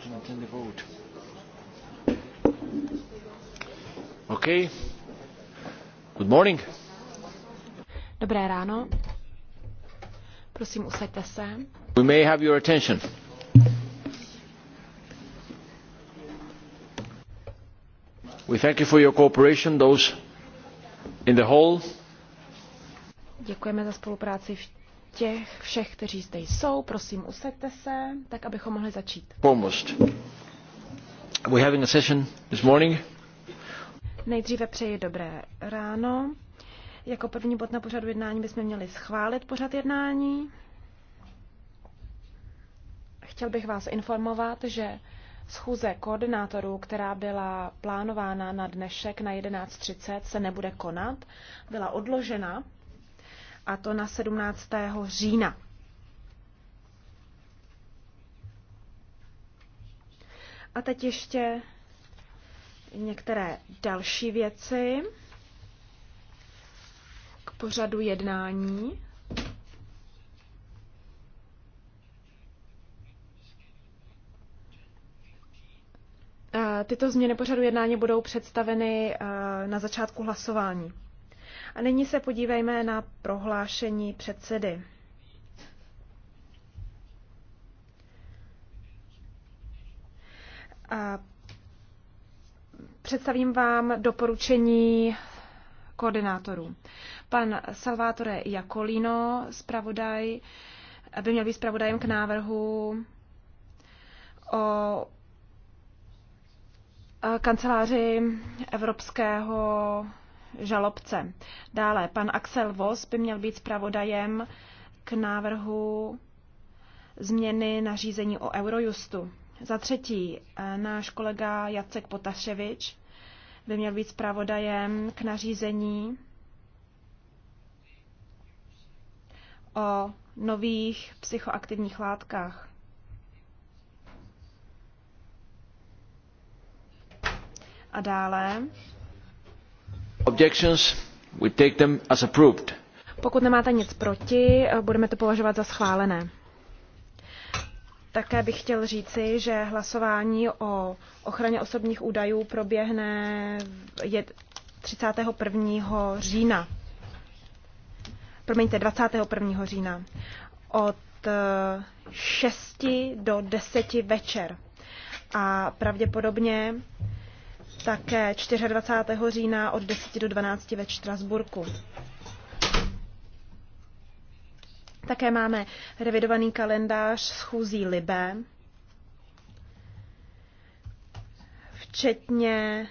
time to maintain the vote. Okay. Good morning. Dobré ráno. Prosím, usaďte se. We may have your attention. We thank you for your cooperation, those in the hall. Děkujeme za spolupráci těch všech, kteří zde jsou. Prosím, usaďte se, tak abychom mohli začít. Almost. We we having a session this morning? Nejdříve přeji dobré ráno. Jako první bod na pořadu jednání bychom měli schválit pořad jednání. Chtěl bych vás informovat, že schůze koordinátorů, která byla plánována na dnešek na 11.30, se nebude konat. Byla odložena a to na 17. října. A teď ještě některé další věci k pořadu jednání. Tyto změny pořadu jednání budou představeny eh, na začátku hlasování. A nyní se podívejme na prohlášení předsedy. A představím vám doporučení koordinátorů. Pan Salvatore Jakolino, zpravodaj, by měl být zpravodajem k návrhu o kanceláři Evropského žalobce. Dále pan Axel Voss by měl být zpravodajem k návrhu změny nařízení o Eurojustu. Za třetí, eh, náš kolega Jacek Potaševič by měl být zpravodajem k nařízení o nových psychoaktivních látkách. A dále pokud nemáte nic proti, budeme to považovat za schválené. Také bych chtěl říci, že hlasování o ochraně osobních údajů proběhne 31. října. Promiňte, 21. října. Od 6 eh, do 10 večer. A pravděpodobně také 24. října od 10 do 12 ve Štrasburku. Také máme revidovaný kalendář schůzí Libé, včetně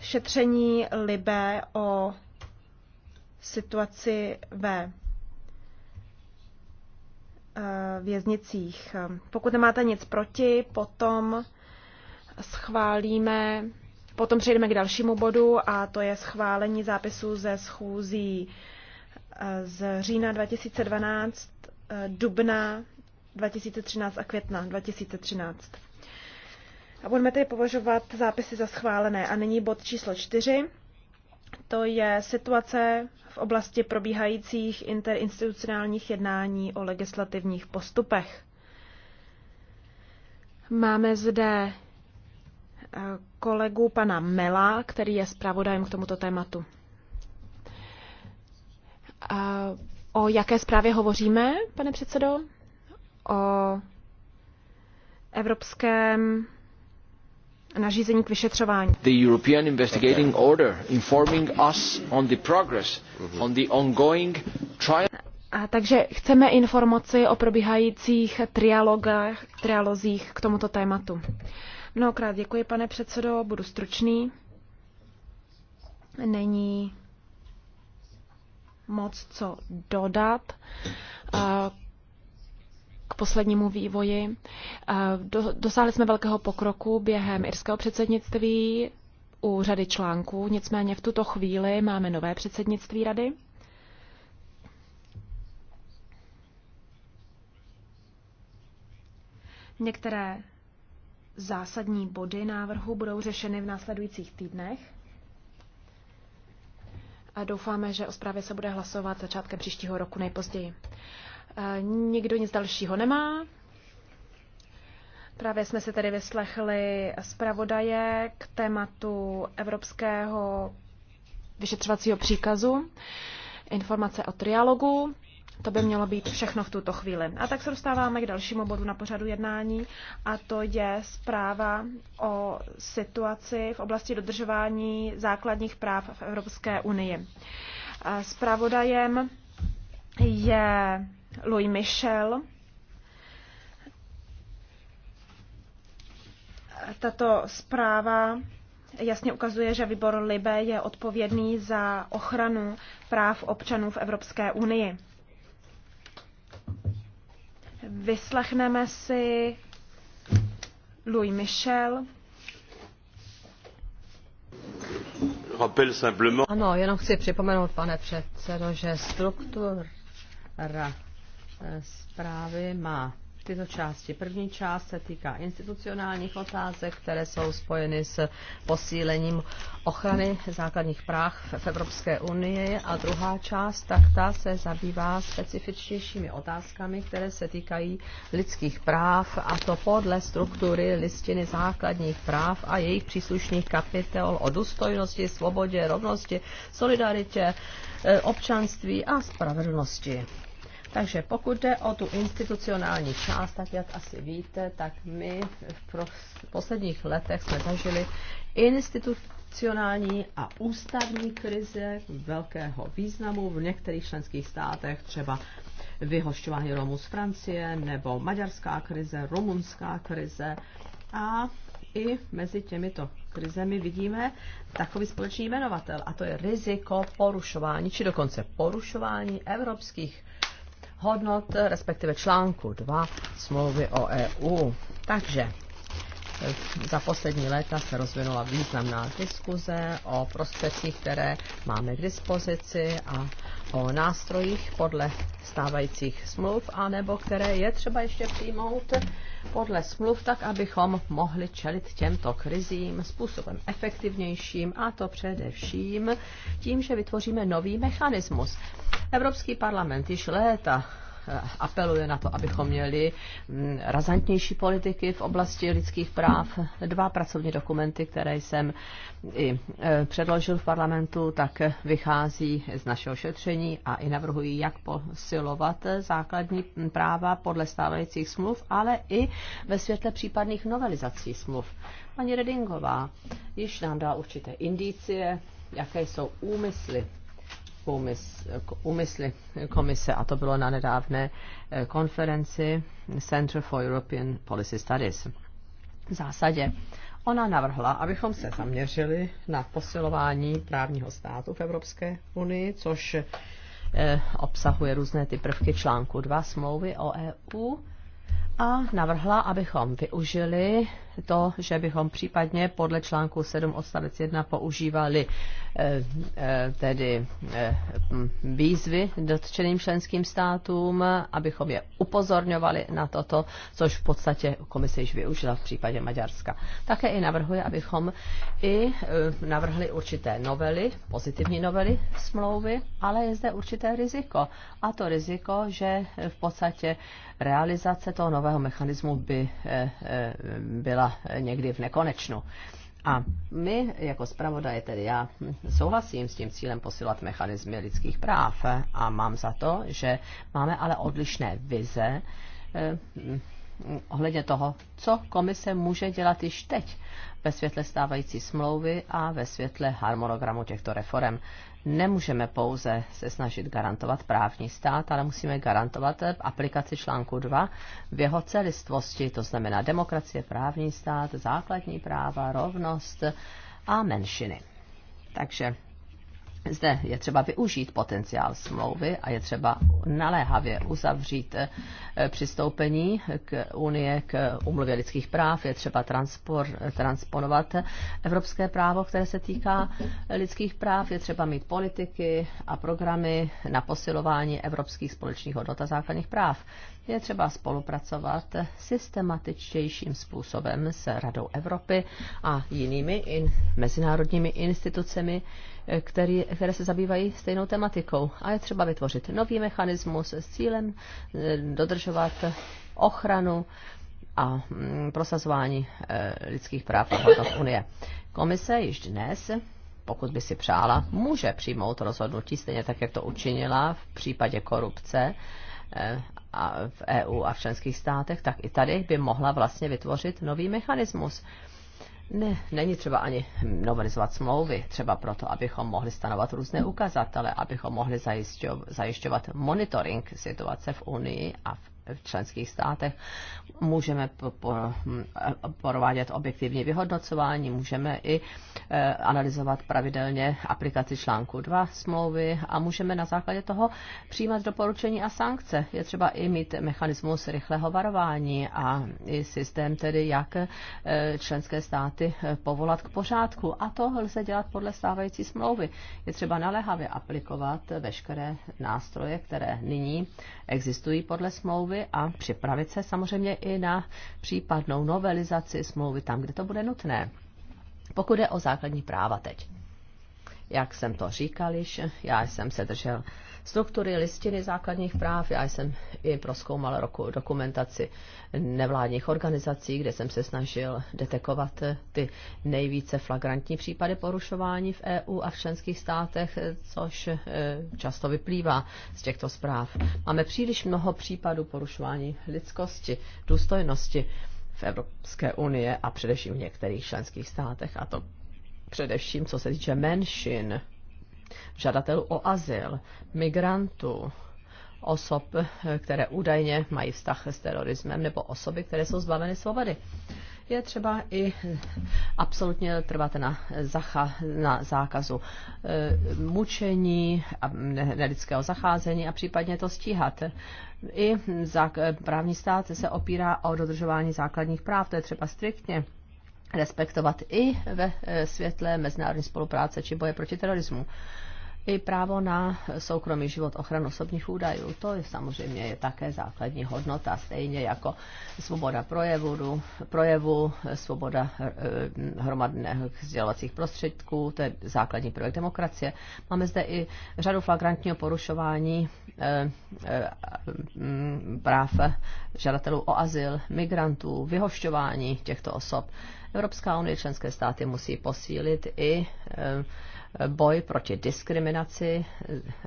šetření Libé o situaci ve eh, věznicích. Pokud nemáte nic proti, potom schválíme, potom přejdeme k dalšímu bodu a to je schválení zápisu ze schůzí eh, z října 2012, eh, dubna 2013 a května 2013. A budeme tedy považovat zápisy za schválené. A nyní bod číslo čtyři. To je situace v oblasti probíhajících interinstitucionálních jednání o legislativních postupech. Máme zde kolegu pana Mela, který je zpravodajem k tomuto tématu. O jaké zprávě hovoříme, pane předsedo? O evropském nařízení k vyšetřování. The European Investigating Order informing us on the progress mhm. on the ongoing trial. A takže chceme informaci o probíhajících trialogách, trialozích k tomuto tématu. Mnohokrát děkuji, pane předsedo, budu stručný. Není moc co dodat eh, k poslednímu vývoji. Eh, dosáhli jsme velkého pokroku během irského předsednictví u řady článků, nicméně v tuto chvíli máme nové předsednictví rady. Některé Zásadní body návrhu budou řešeny v následujících týdnech. A doufáme, že o zprávě se bude hlasovat začátkem příštího roku nejpozději. E, nikdo nic dalšího nemá. Právě jsme se tedy vyslechli zpravodaje k tématu evropského vyšetřovacího příkazu, informace o trialogu. To by mělo být všechno v tuto chvíli. A tak se dostáváme k dalšímu bodu na pořadu jednání a to je zpráva o situaci v oblasti dodržování základních práv v Evropské unii. Spravodajem je Louis Michel. Tato zpráva jasně ukazuje, že výbor Libe je odpovědný za ochranu práv občanů v Evropské unii. Vyslechneme si Louis Michel. Ano, jenom chci připomenout, pane předsedo, že struktura eh, zprávy má tyto části. První část se týká institucionálních otázek, které jsou spojeny s posílením ochrany základních práv v Evropské unii a druhá část, tak ta se zabývá specifičtějšími otázkami, které se týkají lidských práv a to podle struktury listiny základních práv a jejich příslušných kapitol o důstojnosti, svobodě, rovnosti, solidaritě, eh, občanství a spravedlnosti. Takže pokud jde o tu institucionální část, tak jak asi víte, tak my v posledních letech jsme zažili institucionální a ústavní krize velkého významu v některých členských státech, třeba vyhošťování Romů z Francie nebo maďarská krize, rumunská krize a i mezi těmito krizemi vidíme takový společný jmenovatel a to je riziko porušování či dokonce porušování evropských hodnot, respektive článku 2 smlouvy o EU. Takže eh, za poslední léta se rozvinula významná diskuze o prostředcích, které máme k dispozici a o nástrojích podle stávajících smluv, anebo které je třeba ještě přijmout podle smluv, tak abychom mohli čelit těmto krizím způsobem efektivnějším a to především tím, že vytvoříme nový mechanismus. Evropský parlament již léta Eh, apeluje na to, abychom měli mm, razantnější politiky v oblasti lidských práv. Dva pracovní dokumenty, které jsem i eh, předložil v parlamentu, tak vychází z našeho šetření a i navrhují, jak posilovat základní práva podle stávajících smluv, ale i ve světle případných novelizací smluv. Pani Redingová již nám dá určité indicie, jaké jsou úmysly úmysly komise a to bylo na nedávné eh, konferenci Center for European Policy Studies. V zásadě ona navrhla, abychom se zaměřili na posilování právního státu v Evropské unii, což eh, obsahuje různé ty prvky článku 2 smlouvy o EU a navrhla, abychom využili to, že bychom případně podle článku 7 odstavec 1 používali eh, eh, tedy eh, výzvy dotčeným členským státům, abychom je upozorňovali na toto, což v podstatě komise již využila v případě Maďarska. Také i navrhuje, abychom i navrhli určité novely, pozitivní novely smlouvy, ale je zde určité riziko. A to riziko, že v podstatě realizace toho nového mechanismu by byla byla eh, někdy v nekonečnu. A my, jako zpravodaj, tedy já, souhlasím s tím cílem posilovat mechanizmy lidských práv eh, a mám za to, že máme ale odlišné vize eh, ohledně toho, co komise může dělat již teď ve světle stávající smlouvy a ve světle harmonogramu těchto reform nemůžeme pouze se snažit garantovat právní stát, ale musíme garantovat aplikaci článku 2 v jeho celistvosti, to znamená demokracie, právní stát, základní práva, rovnost a menšiny. Takže zde je třeba využít potenciál smlouvy a je třeba naléhavě uzavřít eh, přistoupení k Unie k umluvě lidských práv. Je třeba transpor, transponovat evropské právo, které se týká lidských práv. Je třeba mít politiky a programy na posilování evropských společných hodnot a základních práv. Je třeba spolupracovat systematičtějším způsobem s Radou Evropy a jinými in, mezinárodními institucemi, který, které se zabývají stejnou tematikou. A je třeba vytvořit nový mechanismus s cílem eh, dodržovat ochranu a mm, prosazování eh, lidských práv a hodnot Unie. Komise již dnes pokud by si přála, může přijmout rozhodnutí, stejně tak, jak to učinila v případě korupce eh, a v EU a v členských státech, tak i tady by mohla vlastně vytvořit nový mechanismus ne, není třeba ani novelizovat smlouvy, třeba proto, abychom mohli stanovat různé ukazatele, abychom mohli zajišťovat monitoring situace v Unii a v v členských státech. Můžeme hm, provádět objektivní vyhodnocování, můžeme i eh, analyzovat pravidelně aplikaci článku 2 smlouvy a můžeme na základě toho přijímat doporučení a sankce. Je třeba i mít mechanismus rychlého varování a i systém tedy, jak eh, členské státy eh, povolat k pořádku. A to lze dělat podle stávající smlouvy. Je třeba naléhavě aplikovat veškeré nástroje, které nyní existují podle smlouvy smlouvy a připravit se samozřejmě i na případnou novelizaci smlouvy tam, kde to bude nutné. Pokud je o základní práva teď. Jak jsem to říkal již, já jsem se držel struktury listiny základních práv. Já jsem i proskoumal roku, dokumentaci nevládních organizací, kde jsem se snažil detekovat eh, ty nejvíce flagrantní případy porušování v EU a v členských státech, eh, což eh, často vyplývá z těchto zpráv. Máme příliš mnoho případů porušování lidskosti, důstojnosti v Evropské unie a především v některých členských státech, a to především co se týče menšin žadatelů o azyl, migrantů, osob, které údajně mají vztah s terorismem, nebo osoby, které jsou zbaveny svobody. Je třeba i absolutně trvat na, zacha, na zákazu e, mučení, a nelidského zacházení a případně to stíhat. I zák, právní stát se opírá o dodržování základních práv, to je třeba striktně respektovat i ve e, světle mezinárodní spolupráce či boje proti terorismu. I právo na soukromý život, ochranu osobních údajů, to je samozřejmě je také základní hodnota, stejně jako svoboda projevu, projevu svoboda e, e, hromadných sdělovacích prostředků, to je základní projekt demokracie. Máme zde i řadu flagrantního porušování práv žadatelů o azyl, migrantů, vyhošťování těchto osob. Evropská unie členské státy musí posílit i eh, boj proti diskriminaci.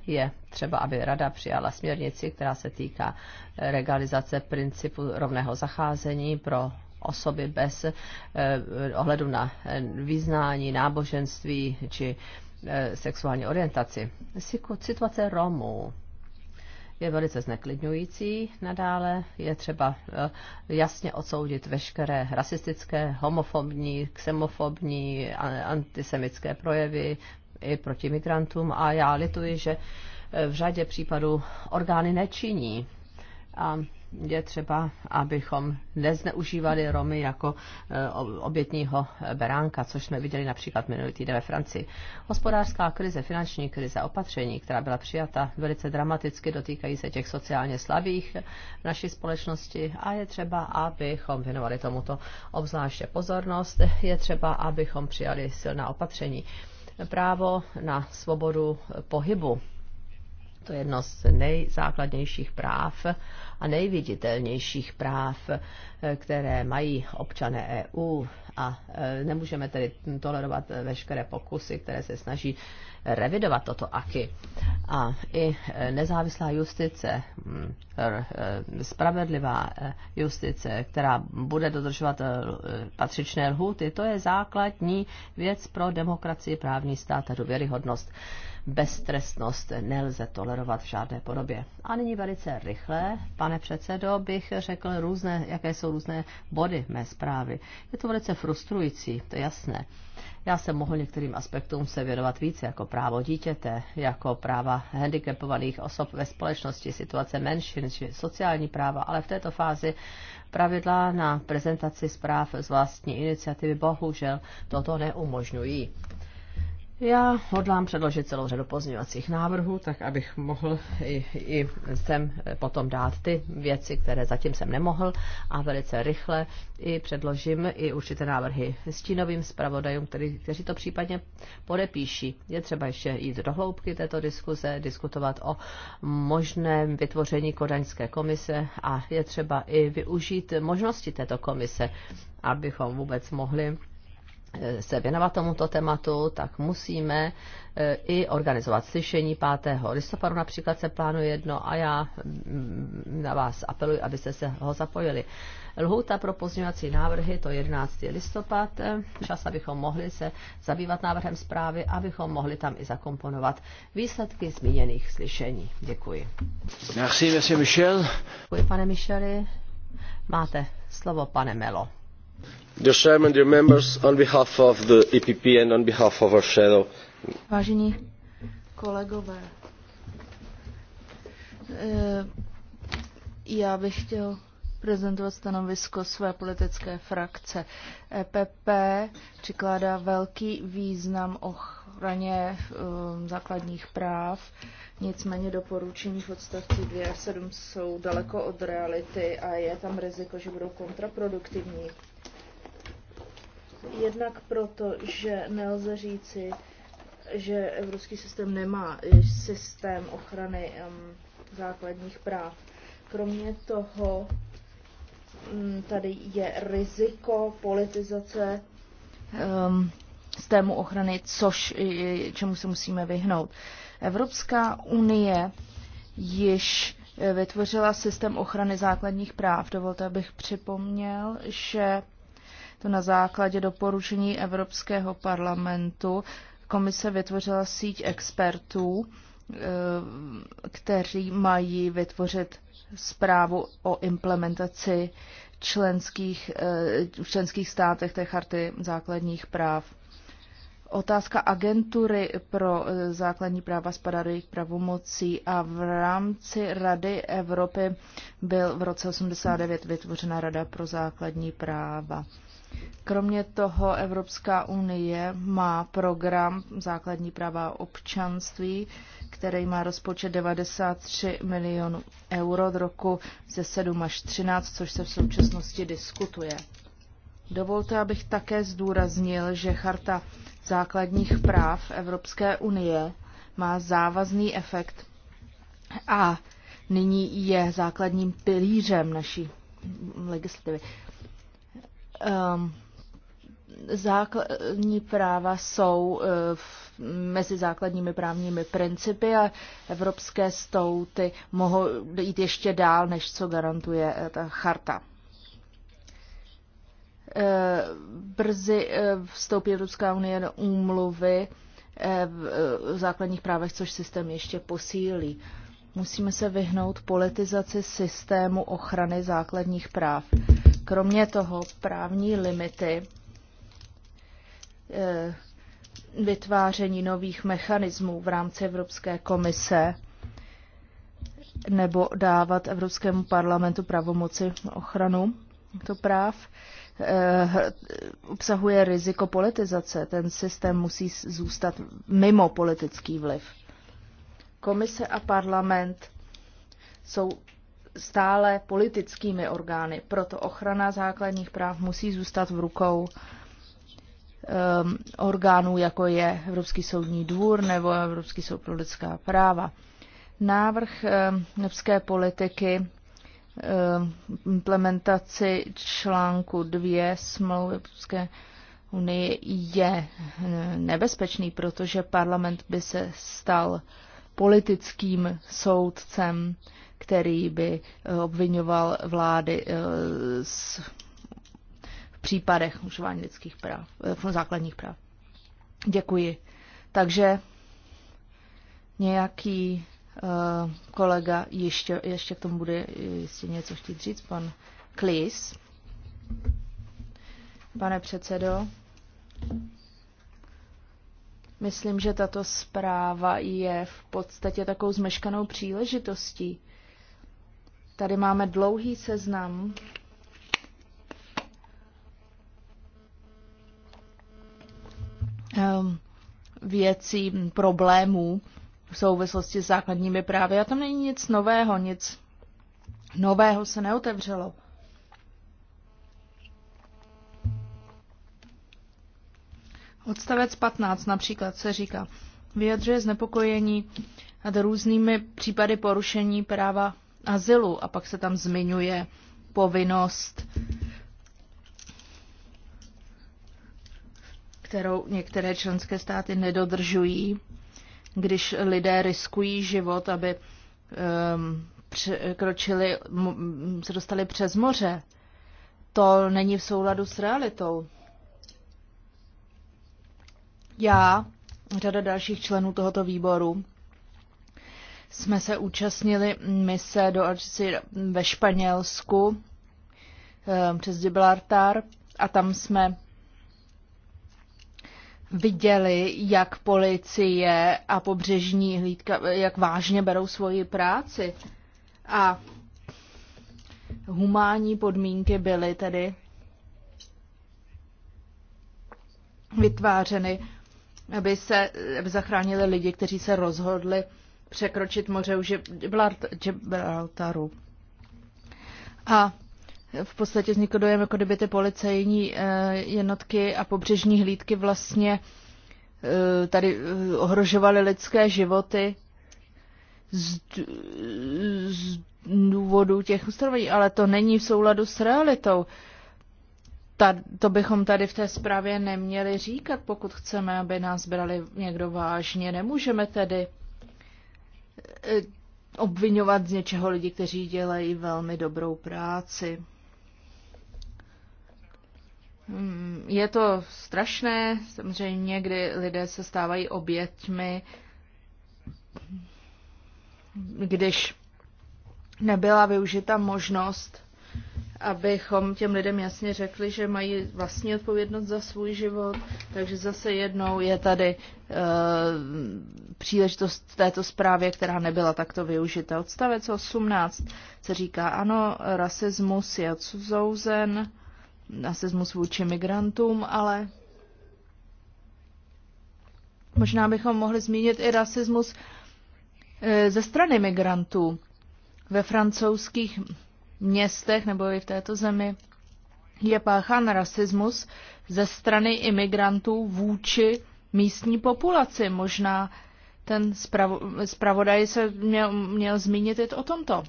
Je třeba, aby Rada přijala směrnici, která se týká regalizace eh, principu rovného zacházení pro osoby bez eh, ohledu na význání, náboženství či sexuální orientaci. Situace Romů je velice zneklidňující. Nadále je třeba eh, jasně odsoudit veškeré rasistické, homofobní, xenofobní, antisemické projevy i proti migrantům a já lituji, že eh, v řadě případů orgány nečiní. A je třeba, abychom nezneužívali Romy jako e, obětního beránka, což jsme viděli například minulý týden ve Francii. Hospodářská krize, finanční krize, opatření, která byla přijata, velice dramaticky dotýkají se těch sociálně slabých v naší společnosti a je třeba, abychom věnovali tomuto obzvláště pozornost, je třeba, abychom přijali silná opatření. Právo na svobodu pohybu, to je jedno z nejzákladnějších práv, a nejviditelnějších práv, eh, které mají občané EU. A eh, nemůžeme tedy tolerovat veškeré pokusy, které se snaží revidovat toto aky. A i eh, nezávislá justice, hm, spravedlivá justice, která bude dodržovat patřičné lhuty, to je základní věc pro demokracii, právní stát a důvěryhodnost beztrestnost nelze tolerovat v žádné podobě. A nyní velice rychle, pane předsedo, bych řekl, různé, jaké jsou různé body mé zprávy. Je to velice frustrující, to je jasné. Já jsem mohl některým aspektům se věnovat více, jako právo dítěte, jako práva handicapovaných osob ve společnosti, situace menšin či sociální práva, ale v této fázi pravidla na prezentaci zpráv z vlastní iniciativy bohužel toto neumožňují. Já hodlám předložit celou řadu pozměňovacích návrhů, tak abych mohl i, i sem eh, potom dát ty věci, které zatím jsem nemohl a velice rychle i předložím i určité návrhy stínovým zpravodajům, který, kteří to případně podepíší. Je třeba ještě jít do hloubky této diskuze, diskutovat o možném vytvoření kodaňské komise a je třeba i využít možnosti této komise, abychom vůbec mohli se věnovat tomuto tématu, tak musíme eh, i organizovat slyšení 5. listopadu například se plánuje jedno a já mm, na vás apeluji, abyste se ho zapojili. Lhůta pro pozměňovací návrhy to 11. listopad, eh, čas, abychom mohli se zabývat návrhem zprávy, abychom mohli tam i zakomponovat výsledky zmíněných slyšení. Děkuji. Merci, merci Michel. Děkuji, pane Micheli. Máte slovo, pane Melo. E Vážení kolegové, eh, já bych chtěl prezentovat stanovisko své politické frakce. EPP přikládá velký význam ochraně eh, základních práv, nicméně doporučení v odstavci 2 a 7 jsou daleko od reality a je tam riziko, že budou kontraproduktivní Jednak proto, že nelze říci, že evropský systém nemá systém ochrany um, základních práv. Kromě toho um, tady je riziko politizace um, systému ochrany, což čemu se musíme vyhnout. Evropská unie již e, vytvořila systém ochrany základních práv. Dovolte, abych připomněl, že to na základě doporučení Evropského parlamentu. Komise vytvořila síť expertů, eh, kteří mají vytvořit zprávu o implementaci členských, eh, v členských státech té charty základních práv. Otázka agentury pro eh, základní práva spadá do jejich pravomocí a v rámci Rady Evropy byl v roce 89 vytvořena Rada pro základní práva. Kromě toho Evropská unie má program Základní práva občanství, který má rozpočet 93 milionů euro od roku ze 7 až 13, což se v současnosti diskutuje. Dovolte, abych také zdůraznil, že Charta základních práv Evropské unie má závazný efekt a nyní je základním pilířem naší legislativy. Um, základní práva jsou eh, mezi základními právními principy a evropské stouty mohou jít ještě dál, než co garantuje eh, ta charta. Eh, brzy vstoupí Evropská unie do úmluvy v základních právech, což systém ještě posílí. Musíme se vyhnout politizaci systému ochrany základních práv. Kromě toho právní limity eh, vytváření nových mechanismů v rámci Evropské komise nebo dávat Evropskému parlamentu pravomoci ochranu to práv eh, obsahuje riziko politizace. Ten systém musí zůstat mimo politický vliv. Komise a parlament jsou stále politickými orgány. Proto ochrana základních práv musí zůstat v rukou um, orgánů, jako je Evropský soudní dvůr nebo Evropský soud pro lidská práva. Návrh um, evropské politiky um, implementaci článku 2 smlouvy Evropské unie je nebezpečný, protože parlament by se stal politickým soudcem uh, který by eh, obvinoval vlády eh, z v případech užívání lidských práv, eh, základních práv. Děkuji. Takže nějaký kolega ještě, ještě k tomu bude jistě něco chtít říct, pan Klis. Pane předsedo, myslím, že tato zpráva je v podstatě takovou zmeškanou příležitostí Tady máme dlouhý seznam. Ehm, věcí, problémů v souvislosti s základními právy. A tam není nic nového, nic nového se neotevřelo. Odstavec 15 například se říká, vyjadřuje znepokojení nad různými případy porušení práva azylu a pak se tam zmiňuje povinnost, kterou některé členské státy nedodržují, když lidé riskují život, aby um, ehm, překročili, se dostali přes moře. To není v souladu s realitou. Já, řada dalších členů tohoto výboru, jsme se účastnili mise do Alžíry ve Španělsku eh, přes Gibraltar a tam jsme viděli, jak policie a pobřežní hlídka, jak vážně berou svoji práci. A humánní podmínky byly tedy vytvářeny, aby se aby zachránili lidi, kteří se rozhodli překročit moře u Gibraltaru. A v podstatě vznikl dojem, jako kdyby ty policejní eh, jednotky a pobřežní hlídky vlastně eh, tady eh, ohrožovaly lidské životy z, z důvodu těch ustanovení, ale to není v souladu s realitou. Ta, to bychom tady v té zprávě neměli říkat, pokud chceme, aby nás brali někdo vážně. Nemůžeme tedy Eh, obvinovat z něčeho lidi, kteří dělají velmi dobrou práci. Hmm, je to strašné, samozřejmě, kdy lidé se stávají oběťmi, když nebyla využita možnost abychom těm lidem jasně řekli, že mají vlastní odpovědnost za svůj život. Takže zase jednou je tady e, příležitost této zprávě, která nebyla takto využita. Odstavec 18 se říká, ano, rasismus je odsouzen, rasismus vůči migrantům, ale možná bychom mohli zmínit i rasismus eh, ze strany migrantů. Ve francouzských městech nebo i v této zemi je páchán rasismus ze strany imigrantů vůči místní populaci. Možná ten zpravo, zpravodaj se měl, měl zmínit i o tomto.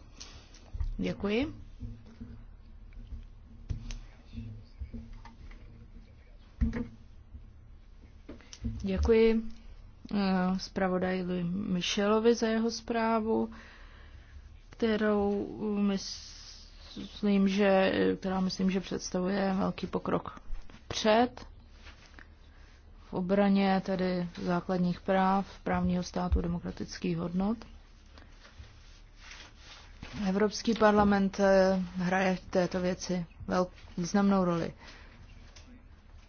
Děkuji. Děkuji eh, zpravodaji Michelovi za jeho zprávu, kterou eh, my myslím, že, která myslím, že představuje velký pokrok vpřed v obraně tedy základních práv, právního státu, demokratických hodnot. Evropský parlament eh, hraje v této věci velk, významnou roli.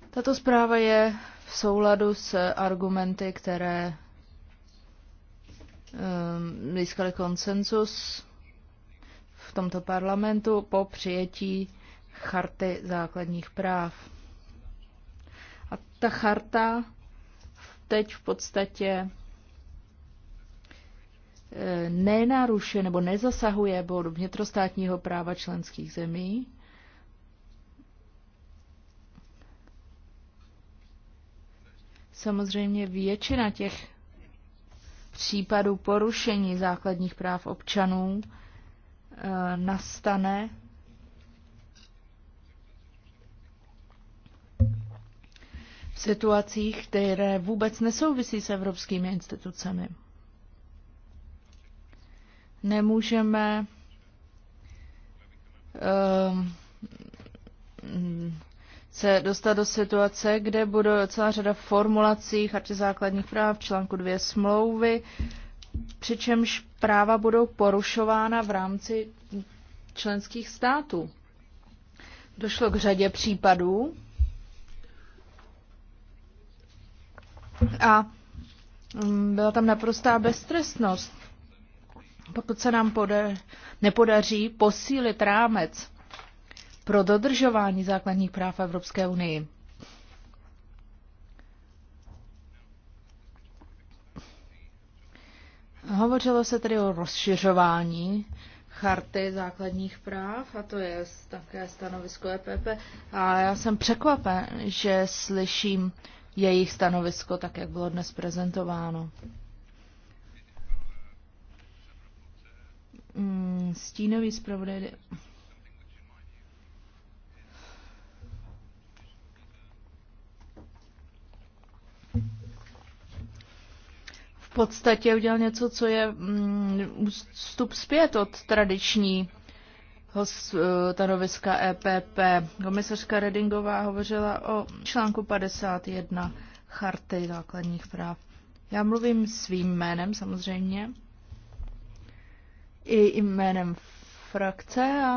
Tato zpráva je v souladu s argumenty, které um, získaly konsenzus tomto parlamentu po přijetí charty základních práv. A ta charta teď v podstatě eh, nenarušuje nebo nezasahuje bod vnitrostátního práva členských zemí. Samozřejmě většina těch případů porušení základních práv občanů Eh, nastane v situacích, které vůbec nesouvisí s evropskými institucemi. Nemůžeme eh, se dostat do situace, kde bude celá řada formulací Charty základních práv, článku 2 smlouvy, přičemž práva budou porušována v rámci členských států. Došlo k řadě případů a mm, byla tam naprostá beztrestnost. Pokud se nám poda- nepodaří posílit rámec pro dodržování základních práv Evropské unii, Hovořilo se tedy o rozšiřování charty základních práv a to je také stanovisko EPP. A já jsem překvapen, že slyším jejich stanovisko tak, jak bylo dnes prezentováno. Mm, stínový zpravodaj podstatě udělal něco, co je vstup mm, zpět od tradiční eh, stanoviska EPP. Komisařka Redingová hovořila o článku 51 Charty základních práv. Já mluvím svým jménem samozřejmě i jménem frakce a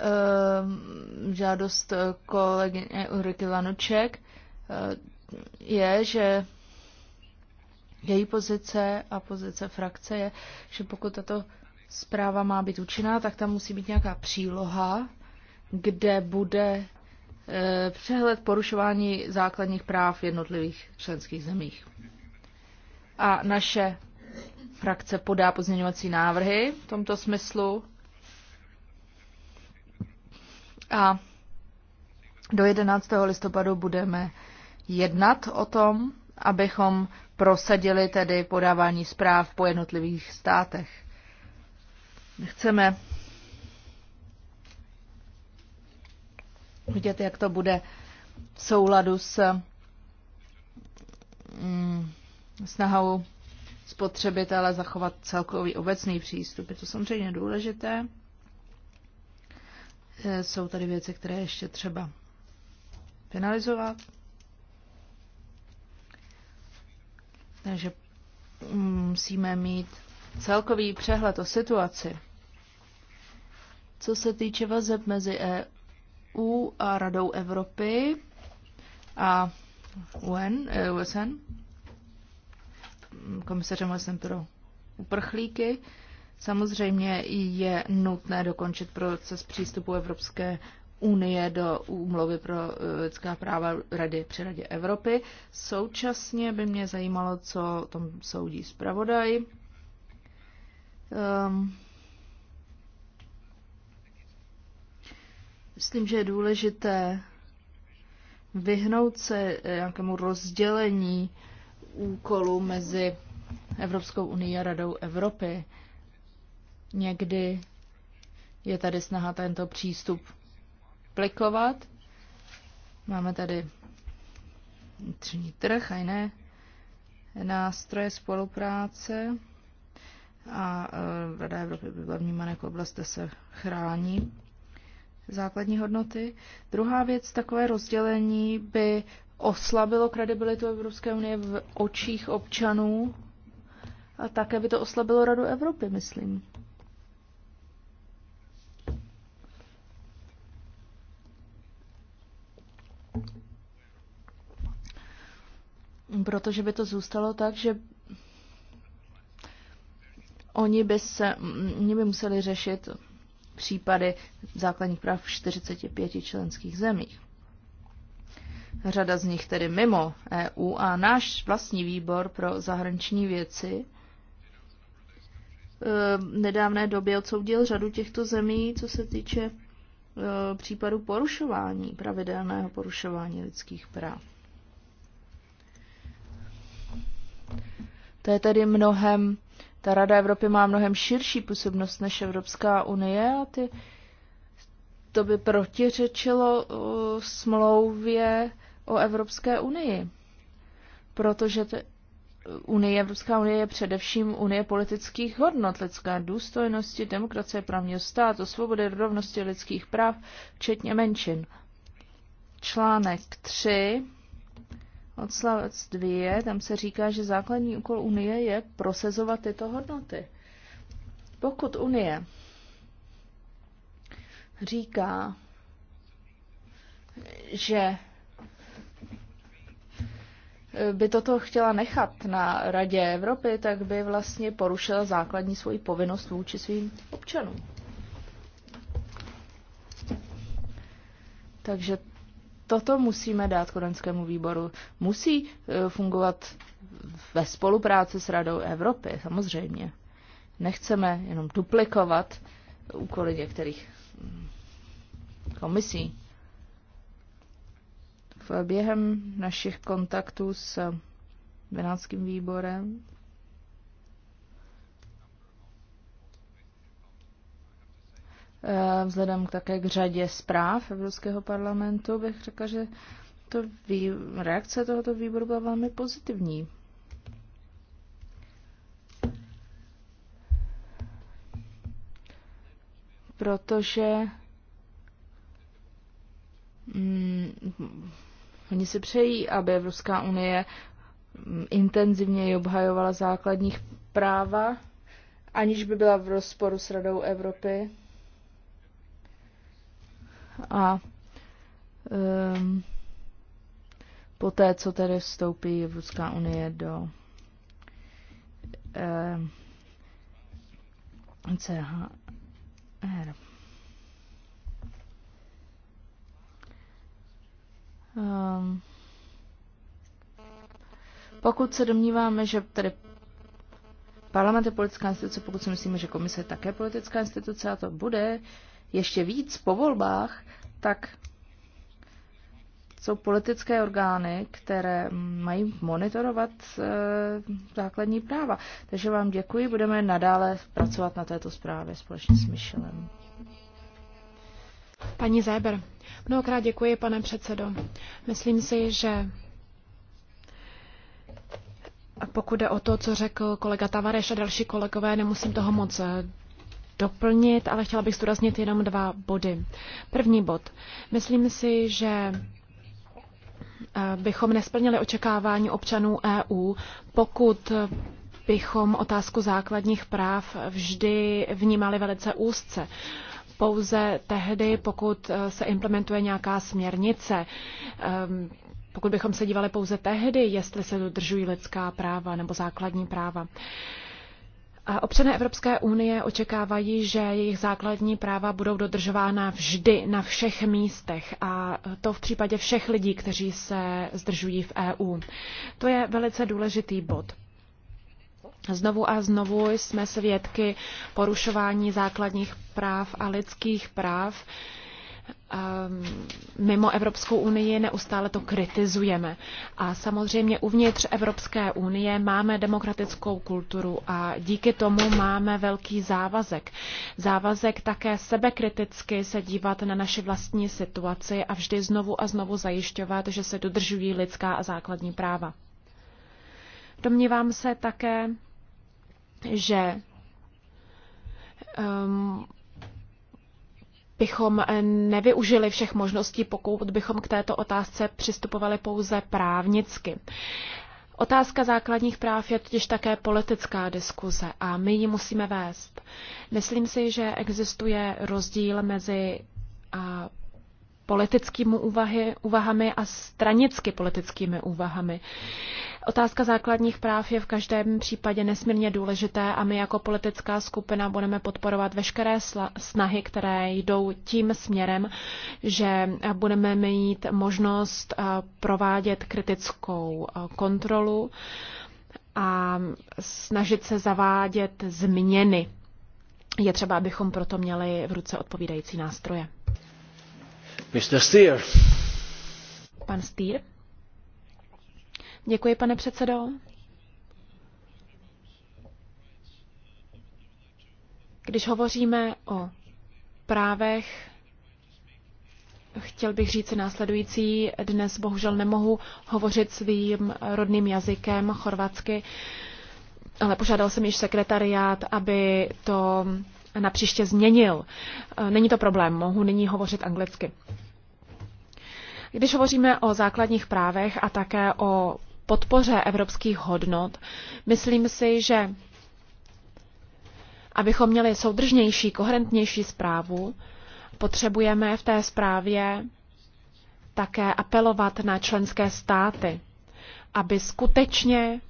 e, žádost kolegy Ulriky Lanuček e, eh, je, že její pozice a pozice frakce je, že pokud tato zpráva má být účinná, tak tam musí být nějaká příloha, kde bude eh, přehled porušování základních práv v jednotlivých členských zemích. A naše frakce podá pozměňovací návrhy v tomto smyslu. A do 11. listopadu budeme jednat o tom, abychom prosadili tedy podávání zpráv po jednotlivých státech. Chceme vidět, jak to bude v souladu s mm, snahou spotřebitele zachovat celkový obecný přístup. Je to samozřejmě důležité. E, jsou tady věci, které ještě třeba finalizovat. Takže musíme mít celkový přehled o situaci. Co se týče vazeb mezi EU a Radou Evropy a UN, eh, USN, komisařem OSN pro uprchlíky, samozřejmě je nutné dokončit proces přístupu Evropské Unie do úmluvy pro eh, lidská práva Rady při Radě Evropy. Současně by mě zajímalo, co tom soudí zpravodaj. Um, myslím, že je důležité vyhnout se eh, nějakému rozdělení úkolů mezi Evropskou unii a Radou Evropy. Někdy je tady snaha tento přístup aplikovat. Máme tady vnitřní trh a jiné nástroje spolupráce a eh, Rada Evropy byla vnímána jako oblast, kde se chrání základní hodnoty. Druhá věc, takové rozdělení by oslabilo kredibilitu Evropské unie v očích občanů a také by to oslabilo Radu Evropy, myslím. protože by to zůstalo tak, že oni by, se, oni by museli řešit případy základních práv v 45 členských zemích. Řada z nich tedy mimo EU a náš vlastní výbor pro zahraniční věci e, v nedávné době odsoudil řadu těchto zemí, co se týče e, případu porušování, pravidelného porušování lidských práv. To je tedy mnohem, ta Rada Evropy má mnohem širší působnost než Evropská unie a ty, to by protiřečilo uh, smlouvě o Evropské unii. Protože te, unie, Evropská unie je především unie politických hodnot, lidské důstojnosti, demokracie, právního státu, svobody, rovnosti lidských práv, včetně menšin. Článek 3 odstavec 2, tam se říká, že základní úkol Unie je prosezovat tyto hodnoty. Pokud Unie říká, že by toto chtěla nechat na Radě Evropy, tak by vlastně porušila základní svoji povinnost vůči svým občanům. Takže toto musíme dát kodaňskému výboru. Musí e, fungovat ve spolupráci s Radou Evropy, samozřejmě. Nechceme jenom duplikovat úkoly některých mm, komisí. Během našich kontaktů s Benátským výborem Eh, vzhledem také k řadě zpráv Evropského parlamentu bych řekla, že to vý... reakce tohoto výboru byla velmi pozitivní. Protože mm, oni si přejí, aby Evropská unie mm, intenzivněji obhajovala základních práva, aniž by byla v rozporu s Radou Evropy a um, poté, co tedy vstoupí Evropská unie do um, ehm, CHR. Um, ehm, pokud se domníváme, že tedy parlament je politická instituce, pokud si myslíme, že komise je také politická instituce a to bude, uh, ještě víc po volbách, tak jsou politické orgány, které mají monitorovat e, základní práva. Takže vám děkuji, budeme nadále pracovat na této zprávě společně s Michelem. Paní Zéber, mnohokrát děkuji, pane předsedo. Myslím si, že pokud jde o to, co řekl kolega Tavareš a další kolegové, nemusím toho moc eh, doplnit, ale chtěla bych zdůraznit jenom dva body. První bod. Myslím si, že eh, bychom nesplnili očekávání občanů EU, pokud bychom otázku základních práv vždy vnímali velice úzce. Pouze tehdy, pokud eh, se implementuje nějaká směrnice, ehm, pokud bychom se dívali pouze tehdy, jestli se dodržují lidská práva nebo základní práva. A občané Evropské unie očekávají, že jejich základní práva budou dodržována vždy na všech místech a to v případě všech lidí, kteří se zdržují v EU. To je velice důležitý bod. Znovu a znovu jsme svědky porušování základních práv a lidských práv Ehm, mimo Evropskou unii neustále to kritizujeme. A samozřejmě uvnitř Evropské unie máme demokratickou kulturu a díky tomu máme velký závazek. Závazek také sebekriticky se dívat na naši vlastní situaci a vždy znovu a znovu zajišťovat, že se dodržují lidská a základní práva. Domnívám se také, že um, bychom eh, nevyužili všech možností, pokud bychom k této otázce přistupovali pouze právnicky. Otázka základních práv je totiž také politická diskuze a my ji musíme vést. Myslím si, že existuje rozdíl mezi politickými úvahy, úvahami a stranicky politickými úvahami. Otázka základních práv je v každém případě nesmírně důležité a my jako politická skupina budeme podporovat veškeré snahy, které jdou tím směrem, že budeme mít možnost eh, provádět kritickou eh, kontrolu a snažit se zavádět změny. Je třeba, abychom proto měli v ruce odpovídající nástroje. Děkuji, pane předsedo. Když hovoříme o právech, chtěl bych říct následující. Dnes bohužel nemohu hovořit svým rodným jazykem chorvatsky, ale požádal jsem již sekretariát, aby to na příště změnil. Eh, není to problém, mohu nyní hovořit anglicky. Když hovoříme o základních právech a také o podpoře evropských hodnot, myslím si, že abychom měli soudržnější, koherentnější zprávu, potřebujeme v té zprávě také apelovat na členské státy, aby skutečně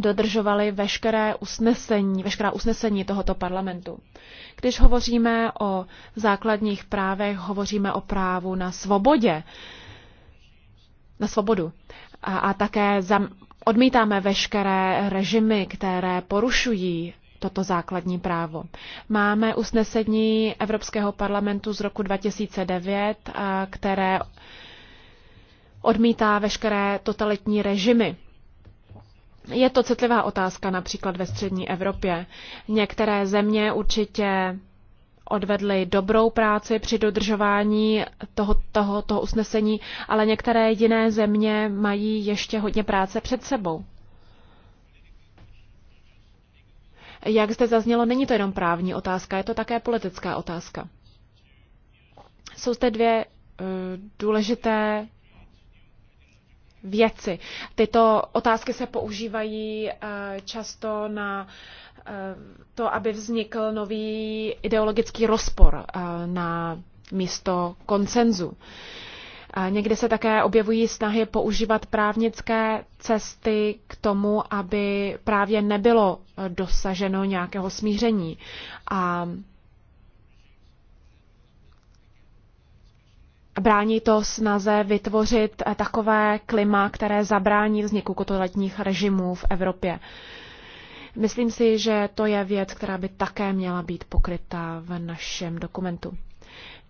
dodržovali veškeré usnesení, veškerá usnesení tohoto parlamentu. Když hovoříme o základních právech, hovoříme o právu na svobodě, na svobodu. A, a také zam, odmítáme veškeré režimy, které porušují toto základní právo. Máme usnesení Evropského parlamentu z roku 2009, které odmítá veškeré totalitní režimy je to citlivá otázka například ve střední Evropě. Některé země určitě odvedly dobrou práci při dodržování toho, toho, toho usnesení, ale některé jiné země mají ještě hodně práce před sebou. Jak zde zaznělo, není to jenom právní otázka, je to také politická otázka. Jsou zde dvě eh, důležité věci. Tyto otázky se používají eh, často na eh, to, aby vznikl nový ideologický rozpor eh, na místo koncenzu. Někde se také objevují snahy používat právnické cesty k tomu, aby právě nebylo dosaženo nějakého smíření. A Brání to snaze vytvořit eh, takové klima, které zabrání vzniku kotoletních režimů v Evropě. Myslím si, že to je věc, která by také měla být pokryta v našem dokumentu.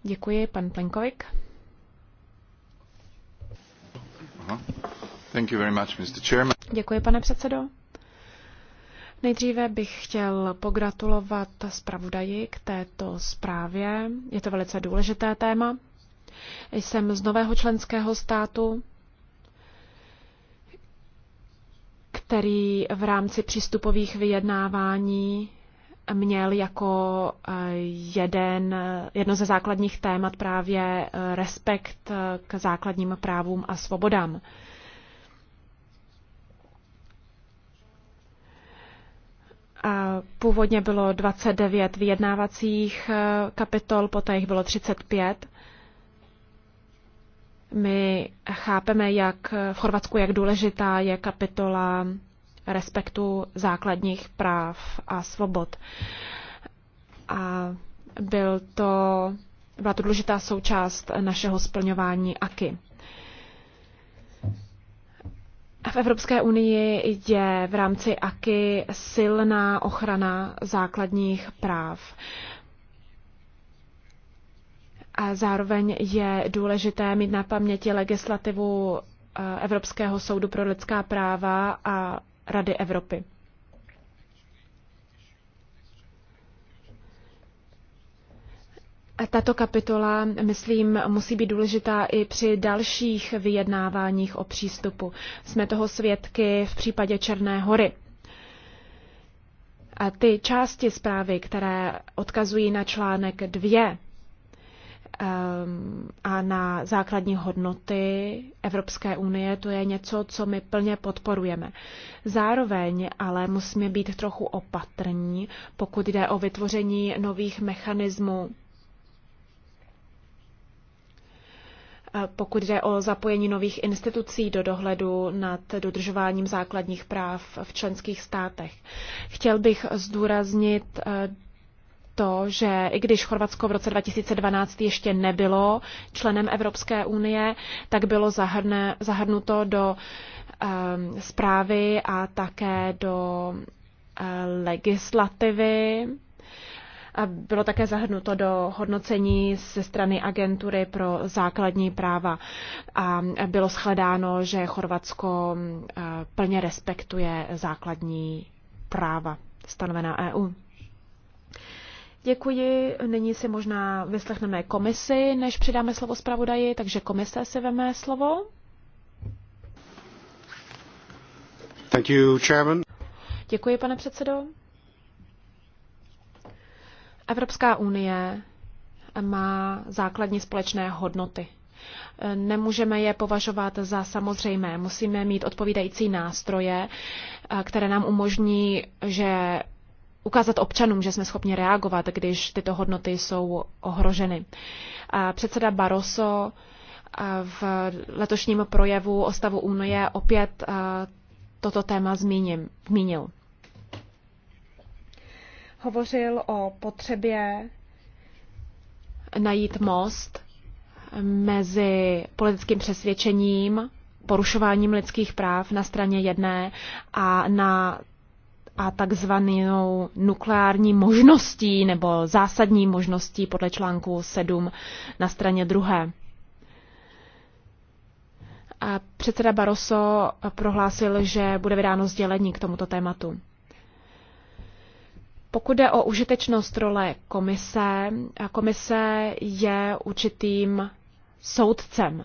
Děkuji, pan Plenkovič. Děkuji, pane předsedo. Nejdříve bych chtěl pogratulovat zpravodaji k této zprávě. Je to velice důležité téma. Jsem z nového členského státu, který v rámci přístupových vyjednávání měl jako eh, jeden, jedno ze základních témat právě eh, respekt eh, k základním právům a svobodám. A původně bylo 29 vyjednávacích kapitol, poté jich bylo 35. My chápeme, jak v Chorvatsku, jak důležitá je kapitola respektu základních práv a svobod. A byl to, byla to důležitá součást našeho splňování AKY. V Evropské unii je v rámci AKY silná ochrana základních práv. A zároveň je důležité mít na paměti legislativu eh, Evropského soudu pro lidská práva a Rady Evropy. Tato kapitola, myslím, musí být důležitá i při dalších vyjednáváních o přístupu. Jsme toho svědky v případě Černé hory. A ty části zprávy, které odkazují na článek 2, Ehm, a na základní hodnoty Evropské unie, to je něco, co my plně podporujeme. Zároveň ale musíme být trochu opatrní, pokud jde o vytvoření nových mechanismů, eh, pokud jde o zapojení nových institucí do dohledu nad dodržováním základních práv v členských státech. Chtěl bych zdůraznit eh, to, že i když Chorvatsko v roce 2012 ještě nebylo členem Evropské unie, tak bylo zahrne, zahrnuto do um, zprávy a také do uh, legislativy. A bylo také zahrnuto do hodnocení ze strany agentury pro základní práva a bylo shledáno, že Chorvatsko eh, plně respektuje základní práva stanovená EU. Děkuji. Nyní si možná vyslechneme komisi, než přidáme slovo zpravodaji, takže komise si veme slovo. Thank you, chairman. Děkuji, pane předsedo. Evropská unie má základní společné hodnoty. Nemůžeme je považovat za samozřejmé. Musíme mít odpovídající nástroje, které nám umožní, že ukázat občanům, že jsme schopni reagovat, když tyto hodnoty jsou ohroženy. Předseda Barroso v letošním projevu o stavu Unie opět toto téma zmínil. Hovořil o potřebě najít most mezi politickým přesvědčením, porušováním lidských práv na straně jedné a na a takzvanou nukleární možností nebo zásadní možností podle článku 7 na straně druhé. A předseda Barroso prohlásil, že bude vydáno sdělení k tomuto tématu. Pokud jde o užitečnost role komise, komise je určitým soudcem.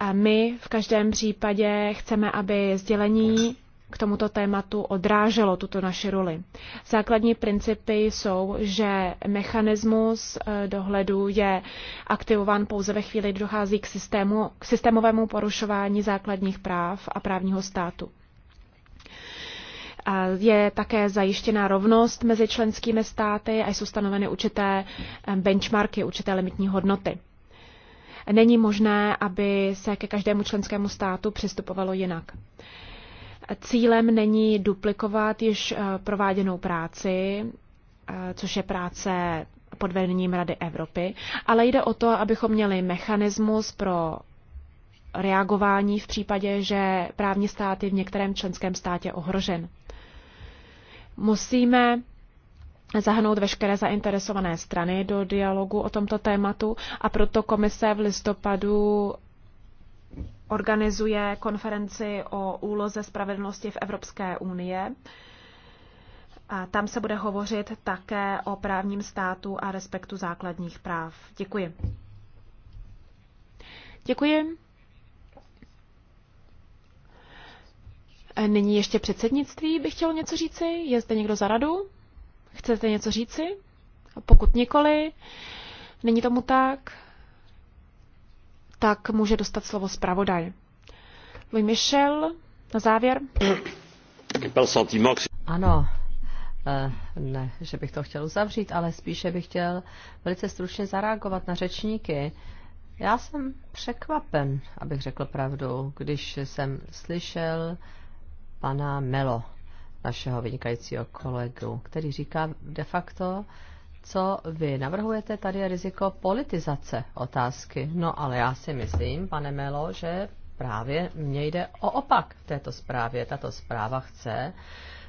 A my v každém případě chceme, aby sdělení k tomuto tématu odráželo tuto naši roli. Základní principy jsou, že mechanismus eh, dohledu je aktivován pouze ve chvíli, kdy dochází k, systému, k systémovému porušování základních práv a právního státu. Je také zajištěna rovnost mezi členskými státy a jsou stanoveny určité eh, benchmarky, určité limitní hodnoty. Není možné, aby se ke každému členskému státu přistupovalo jinak. Cílem není duplikovat již eh, prováděnou práci, eh, což je práce pod vedením Rady Evropy, ale jde o to, abychom měli mechanismus pro reagování v případě, že právní stát je v některém členském státě ohrožen. Musíme zahnout veškeré zainteresované strany do dialogu o tomto tématu a proto komise v listopadu organizuje konferenci o úloze spravedlnosti v Evropské unie. A tam se bude hovořit také o právním státu a respektu základních práv. Děkuji. Děkuji. Nyní ještě předsednictví bych chtěl něco říci. Je zde někdo za radu? Chcete něco říci? Pokud nikoli, není tomu tak, tak může dostat slovo zpravodaj. Louis Michel, na závěr. Ano, eh, ne, že bych to chtěl uzavřít, ale spíše bych chtěl velice stručně zareagovat na řečníky. Já jsem překvapen, abych řekl pravdu, když jsem slyšel pana Melo, našeho vynikajícího kolegu, který říká de facto, co vy navrhujete, tady je riziko politizace otázky. No ale já si myslím, pane Melo, že právě mně jde o opak v této zprávě. Tato zpráva chce,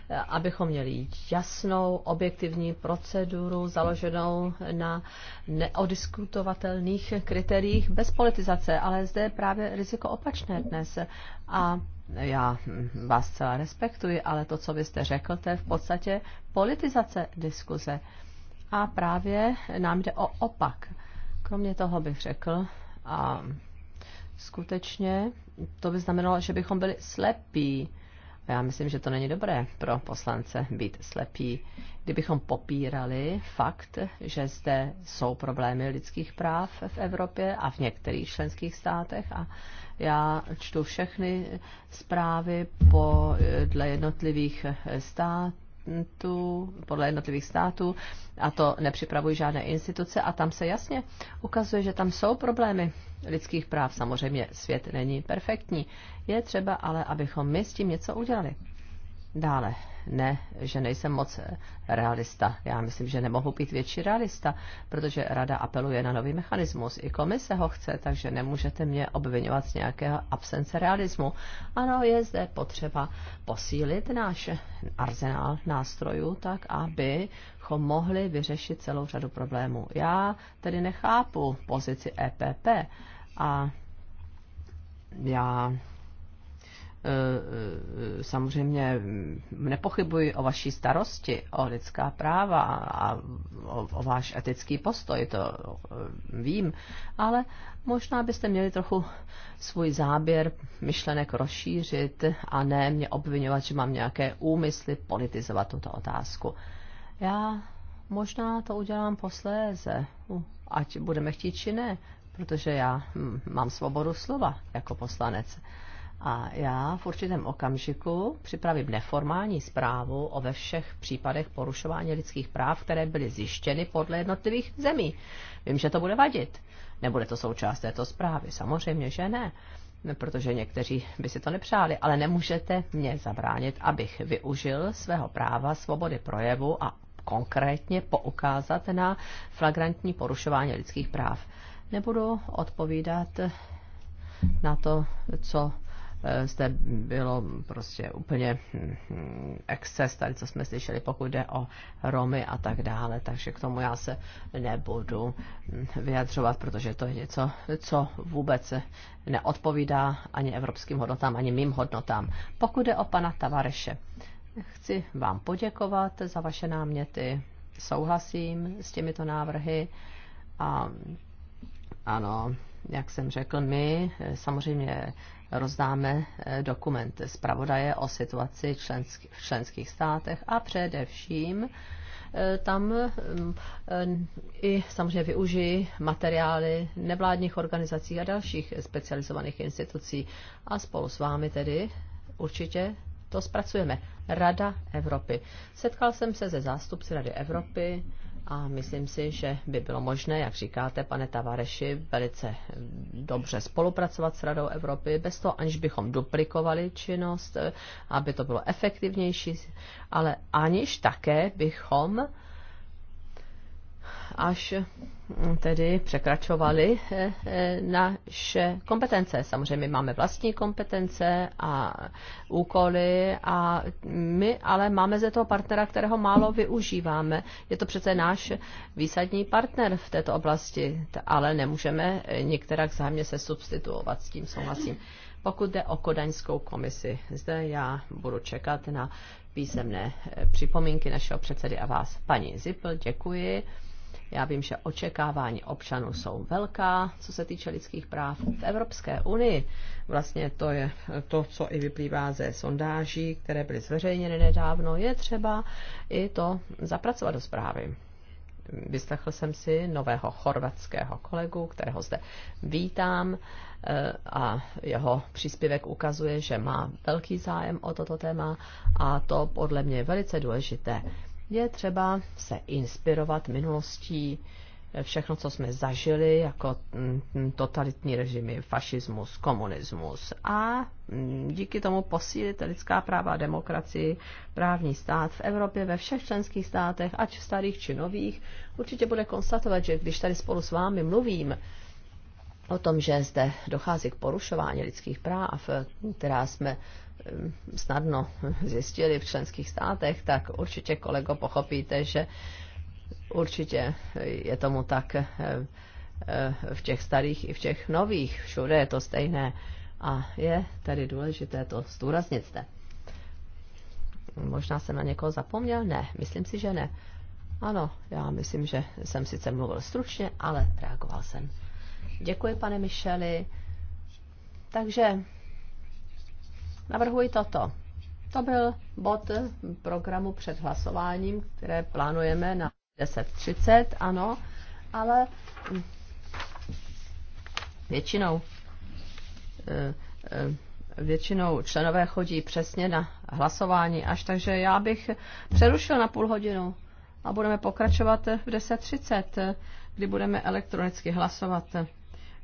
eh, abychom měli jasnou objektivní proceduru založenou na neodiskutovatelných kritériích bez politizace, ale zde je právě riziko opačné dnes. A já vás celá respektuji, ale to, co byste řekl, to je v podstatě politizace diskuze. A právě nám jde o opak. Kromě toho bych řekl, a skutečně to by znamenalo, že bychom byli slepí. A já myslím, že to není dobré pro poslance být slepí, kdybychom popírali fakt, že zde jsou problémy lidských práv v Evropě a v některých členských státech. A já čtu všechny zprávy podle jednotlivých států států, podle jednotlivých států, a to nepřipravují žádné instituce a tam se jasně ukazuje, že tam jsou problémy lidských práv. Samozřejmě svět není perfektní. Je třeba ale, abychom my s tím něco udělali. Dále, ne, že nejsem moc realista. Já myslím, že nemohu být větší realista, protože rada apeluje na nový mechanismus. I komise ho chce, takže nemůžete mě obvinovat z nějakého absence realismu. Ano, je zde potřeba posílit náš arzenál nástrojů tak, aby abychom mohli vyřešit celou řadu problémů. Já tedy nechápu pozici EPP a já Eh, eh, samozřejmě hm, nepochybuji o vaší starosti, o lidská práva a o, o váš etický postoj, to eh, vím, ale možná byste měli trochu svůj záběr myšlenek rozšířit a ne mě obvinovat, že mám nějaké úmysly politizovat tuto otázku. Já možná to udělám posléze, ať budeme chtít či ne, protože já hm, mám svobodu slova jako poslanec. A já v určitém okamžiku připravím neformální zprávu o ve všech případech porušování lidských práv, které byly zjištěny podle jednotlivých zemí. Vím, že to bude vadit. Nebude to součást této zprávy, samozřejmě, že ne protože někteří by si to nepřáli, ale nemůžete mě zabránit, abych využil svého práva svobody projevu a konkrétně poukázat na flagrantní porušování lidských práv. Nebudu odpovídat na to, co Eh, zde bylo prostě úplně hm, exces, tady co jsme slyšeli, pokud jde o Romy a tak dále, takže k tomu já se nebudu hm, vyjadřovat, protože to je něco, co vůbec neodpovídá ani evropským hodnotám, ani mým hodnotám. Pokud jde o pana Tavareše, chci vám poděkovat za vaše náměty, souhlasím s těmito návrhy a ano, jak jsem řekl, my eh, samozřejmě rozdáme eh, dokument zpravodaje o situaci člensk- v členských státech a především eh, tam mm, eh, i samozřejmě využijí materiály nevládních organizací a dalších specializovaných institucí a spolu s vámi tedy určitě to zpracujeme. Rada Evropy. Setkal jsem se ze zástupci Rady Evropy, a myslím si, že by bylo možné, jak říkáte, pane Tavareši, velice dobře spolupracovat s Radou Evropy, bez toho, aniž bychom duplikovali činnost, aby to bylo efektivnější, ale aniž také bychom až mm, tedy překračovali eh, eh, naše kompetence. Samozřejmě máme vlastní kompetence a úkoly a my ale máme ze toho partnera, kterého málo využíváme. Je to přece náš výsadní partner v této oblasti, ale nemůžeme některá zájemně se substituovat, s tím souhlasím. Pokud jde o kodaňskou komisi, zde já budu čekat na písemné eh, připomínky našeho předsedy a vás. Paní Zipl, děkuji. Já vím, že očekávání občanů jsou velká, co se týče lidských práv v Evropské unii. Vlastně to je to, co i vyplývá ze sondáží, které byly zveřejněny nedávno. Je třeba i to zapracovat do zprávy. Vyslechl jsem si nového chorvatského kolegu, kterého zde vítám eh, a jeho příspěvek ukazuje, že má velký zájem o toto téma a to podle mě je velice důležité je třeba se inspirovat minulostí, všechno, co jsme zažili, jako mm, mm, totalitní režimy, fašismus, komunismus a mm, díky tomu posílit lidská práva a demokracii, právní stát v Evropě, ve všech členských státech, ať starých či nových, určitě bude konstatovat, že když tady spolu s vámi mluvím, o tom, že zde dochází k porušování lidských práv, která jsme Eh, snadno zjistili v členských státech, tak určitě kolego pochopíte, že určitě je tomu tak eh, eh, v těch starých i v těch nových. Všude je to stejné. A je tady důležité to zdůraznit zde. Možná jsem na někoho zapomněl? Ne, myslím si, že ne. Ano, já myslím, že jsem sice mluvil stručně, ale reagoval jsem. Děkuji, pane Micheli. Takže Navrhuji toto. To byl bod programu před hlasováním, které plánujeme na 10.30, ano, ale hm, většinou eh, eh, většinou členové chodí přesně na hlasování až, takže já bych přerušil na půl hodinu a budeme pokračovat v 10.30, kdy budeme elektronicky hlasovat.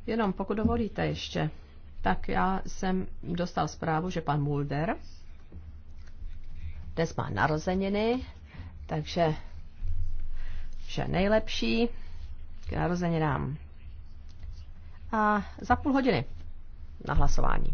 Jenom pokud dovolíte ještě tak já jsem dostal zprávu, že pan Mulder dnes má narozeniny, takže vše nejlepší k narozeninám. A za půl hodiny na hlasování.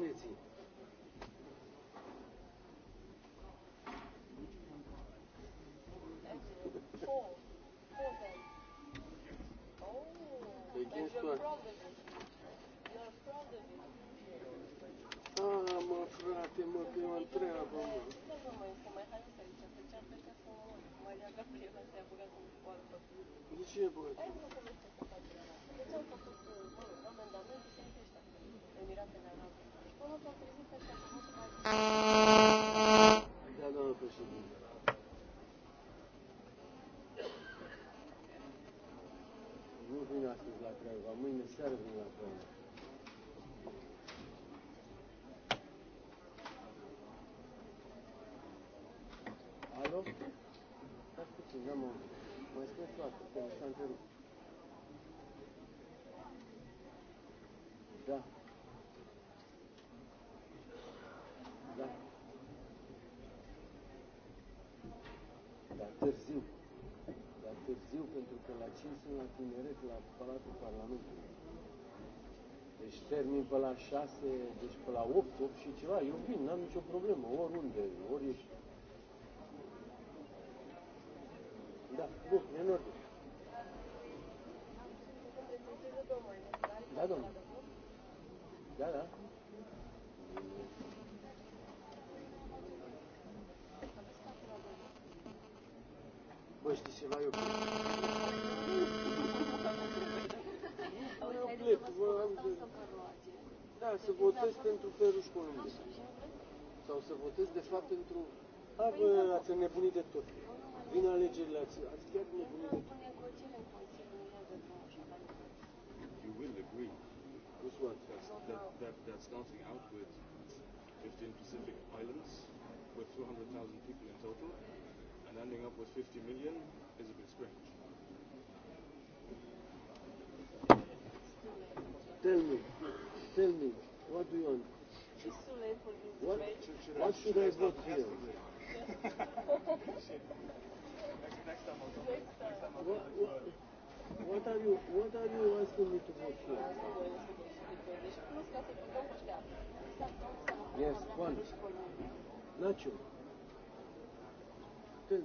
fascinating. Four. Four then. Oh, there's problem. vin astăzi la Craiova, mâine seară vin la Craiova. Alo? Stați puțin, n-am auzit. Mai spuneți toată, că s-a întrerupt. Da. 5 la tineret la Palatul Parlamentului. Deci termin pe la 6, deci pe la 8, 8 și ceva. Eu vin, n-am nicio problemă, oriunde, ori ești Dar ați înnebunit de tot. Vin alegerile, ați, ați chiar înnebunit de tot. You will agree. With what? That's, that, that, that starting out with 15 Pacific Islands with 200,000 people in total and ending up with 50 million is a bit strange. Tell me, tell me, what do you want? What, what should I vote here? What, what, what are you What are you asking me to vote for? Yes, one. Nacho. Tell me.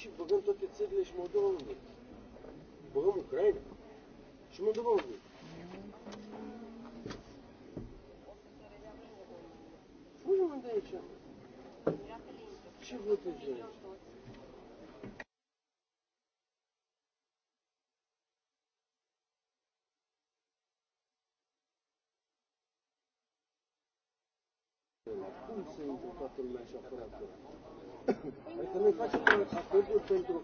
și băgăm toate țările și Moldova unde? Băgăm Ucraina și Moldova unde? Fugem de nu se întâmplă facem un acordul pentru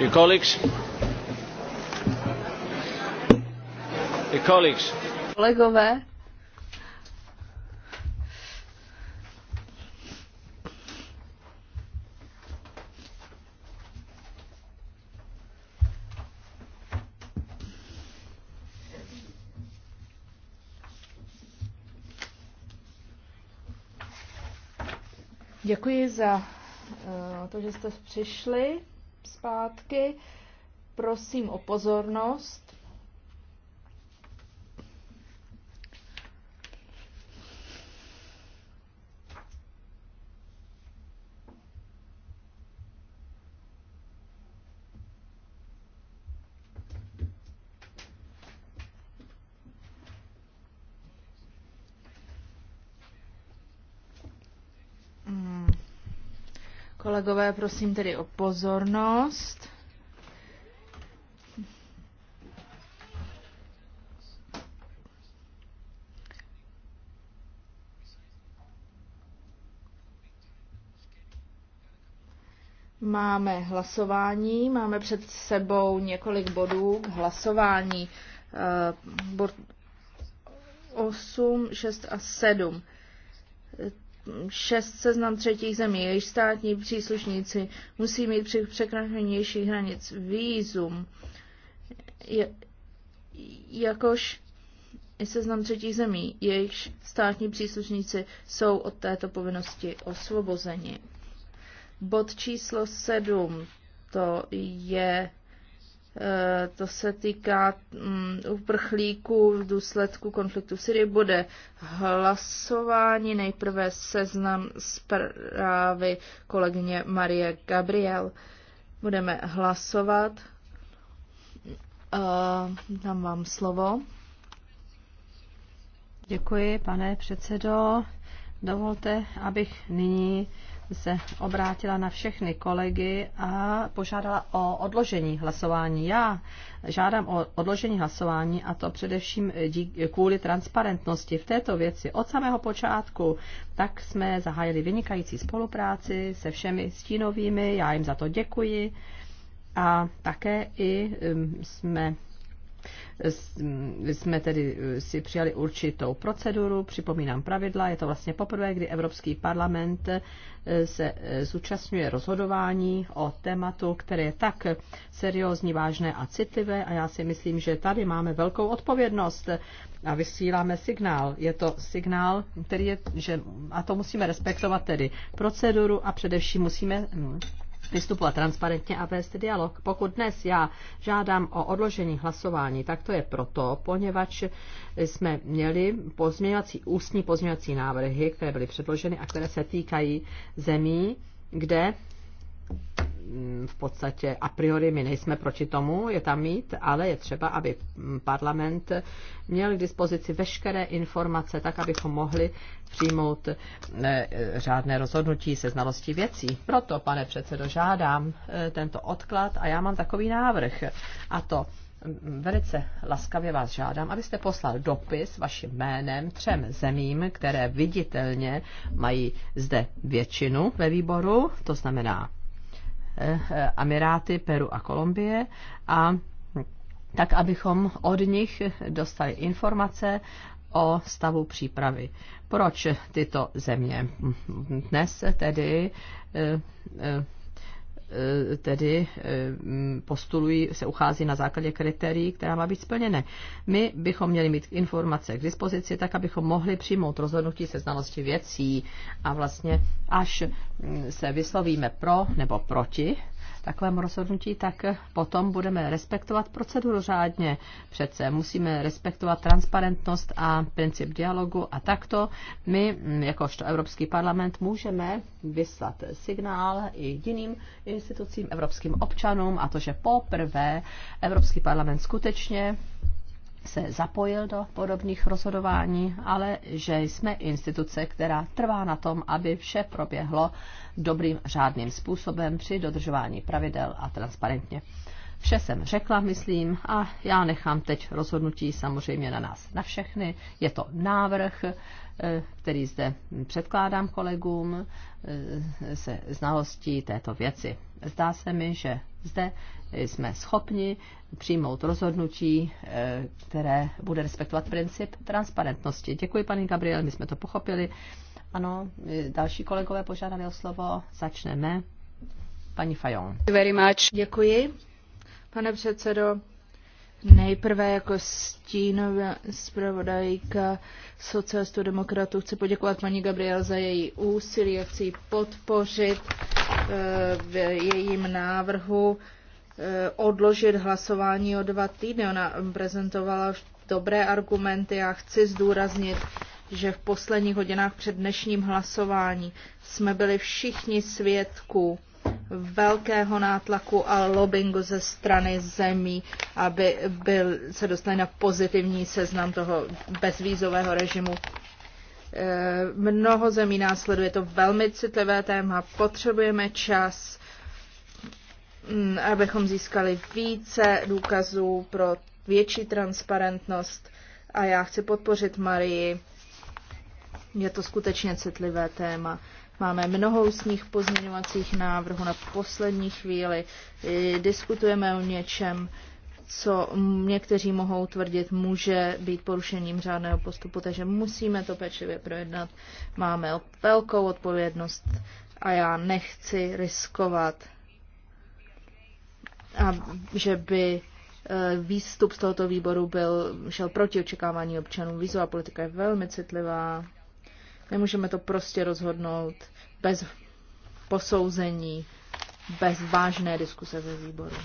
Your colleagues? Your colleagues? Kolegové, Děkuji za eh, to, že jste přišli zpátky. Prosím o pozornost. Kolegové, prosím tedy o pozornost. Máme hlasování, máme před sebou několik bodů k hlasování. Eh, bod 8, 6 a 7 šest seznam třetích zemí, jejich státní příslušníci musí mít při překročení jejich hranic výzum, je, jakož i seznam třetích zemí, jejich státní příslušníci jsou od této povinnosti osvobozeni. Bod číslo sedm to je Eh, to se týká mm, uprchlíků v důsledku konfliktu v Syrii, bude hlasování nejprve seznam zprávy kolegyně Marie Gabriel. Budeme hlasovat. Eh, dám vám slovo. Děkuji, pane předsedo. Dovolte, abych nyní se obrátila na všechny kolegy a požádala o odložení hlasování. Já žádám o odložení hlasování a to především dík, kvůli transparentnosti v této věci. Od samého počátku tak jsme zahájili vynikající spolupráci se všemi stínovými, já jim za to děkuji a také i um, jsme jsme tedy eh, si přijali určitou proceduru, připomínám pravidla, je to vlastně poprvé, kdy Evropský parlament eh, se eh, zúčastňuje rozhodování o tématu, které je tak seriózní, vážné a citlivé a já si myslím, že tady máme velkou odpovědnost a vysíláme signál. Je to signál, který je, že, a to musíme respektovat tedy proceduru a především musíme mm, vystupovat transparentně a vést dialog. Pokud dnes já žádám o odložení hlasování, tak to je proto, poněvadž jsme měli pozměňovací, ústní pozměňovací návrhy, které byly předloženy a které se týkají zemí, kde Mm, v podstatě a priori my nejsme proti tomu je tam mít, ale je třeba, aby parlament měl k dispozici veškeré informace, tak abychom mohli přijmout eh, řádné rozhodnutí se znalostí věcí. Proto, pane předsedo, žádám eh, tento odklad a já mám takový návrh. A to mm, velice laskavě vás žádám, abyste poslal dopis vaším jménem třem zemím, které viditelně mají zde většinu ve výboru, to znamená Amiráty, eh, Peru a Kolumbie a tak, abychom od nich dostali informace o stavu přípravy. Proč tyto země? Dnes tedy eh, eh, Eh, tedy eh, postulují, se uchází na základě kritérií, která má být splněné. My bychom měli mít informace k dispozici, tak abychom mohli přijmout rozhodnutí se znalosti věcí a vlastně až mm, se vyslovíme pro nebo proti takovém rozhodnutí, tak potom budeme respektovat proceduru řádně. Přece musíme respektovat transparentnost a princip dialogu a takto my, mm, jakožto Evropský parlament, můžeme vyslat signál i jiným institucím, evropským občanům a to, že poprvé Evropský parlament skutečně se zapojil do podobných rozhodování, ale že jsme instituce, která trvá na tom, aby vše proběhlo dobrým řádným způsobem při dodržování pravidel a transparentně. Vše jsem řekla, myslím, a já nechám teď rozhodnutí samozřejmě na nás, na všechny. Je to návrh, eh, který zde předkládám kolegům eh, se znalostí této věci. Zdá se mi, že zde jsme schopni přijmout rozhodnutí, eh, které bude respektovat princip transparentnosti. Děkuji, paní Gabriel, my jsme to pochopili. Ano, eh, další kolegové požádali o slovo. Začneme. Paní Fajon. Very much. Děkuji, pane předsedo. Nejprve jako stínová zpravodajka socialistů demokratů chci poděkovat paní Gabriel za její úsilí a chci ji podpořit v jejím návrhu eh, odložit hlasování o dva týdny. Ona prezentovala dobré argumenty. a chci zdůraznit, že v posledních hodinách před dnešním hlasování jsme byli všichni svědků velkého nátlaku a lobbingu ze strany zemí, aby byl, se dostali na pozitivní seznam toho bezvízového režimu Eh, mnoho zemí následuje to velmi citlivé téma, potřebujeme čas, mm, abychom získali více důkazů pro větší transparentnost a já chci podpořit Marii. Je to skutečně citlivé téma. Máme mnoho ústních pozměňovacích návrhů na poslední chvíli. Eh, diskutujeme o něčem, co někteří mohou tvrdit, může být porušením řádného postupu, takže musíme to pečlivě projednat. Máme velkou odpovědnost a já nechci riskovat, a že by e, výstup z tohoto výboru byl, šel proti očekávání občanů. Vízová politika je velmi citlivá. Nemůžeme to prostě rozhodnout bez posouzení, bez vážné diskuse ve výboru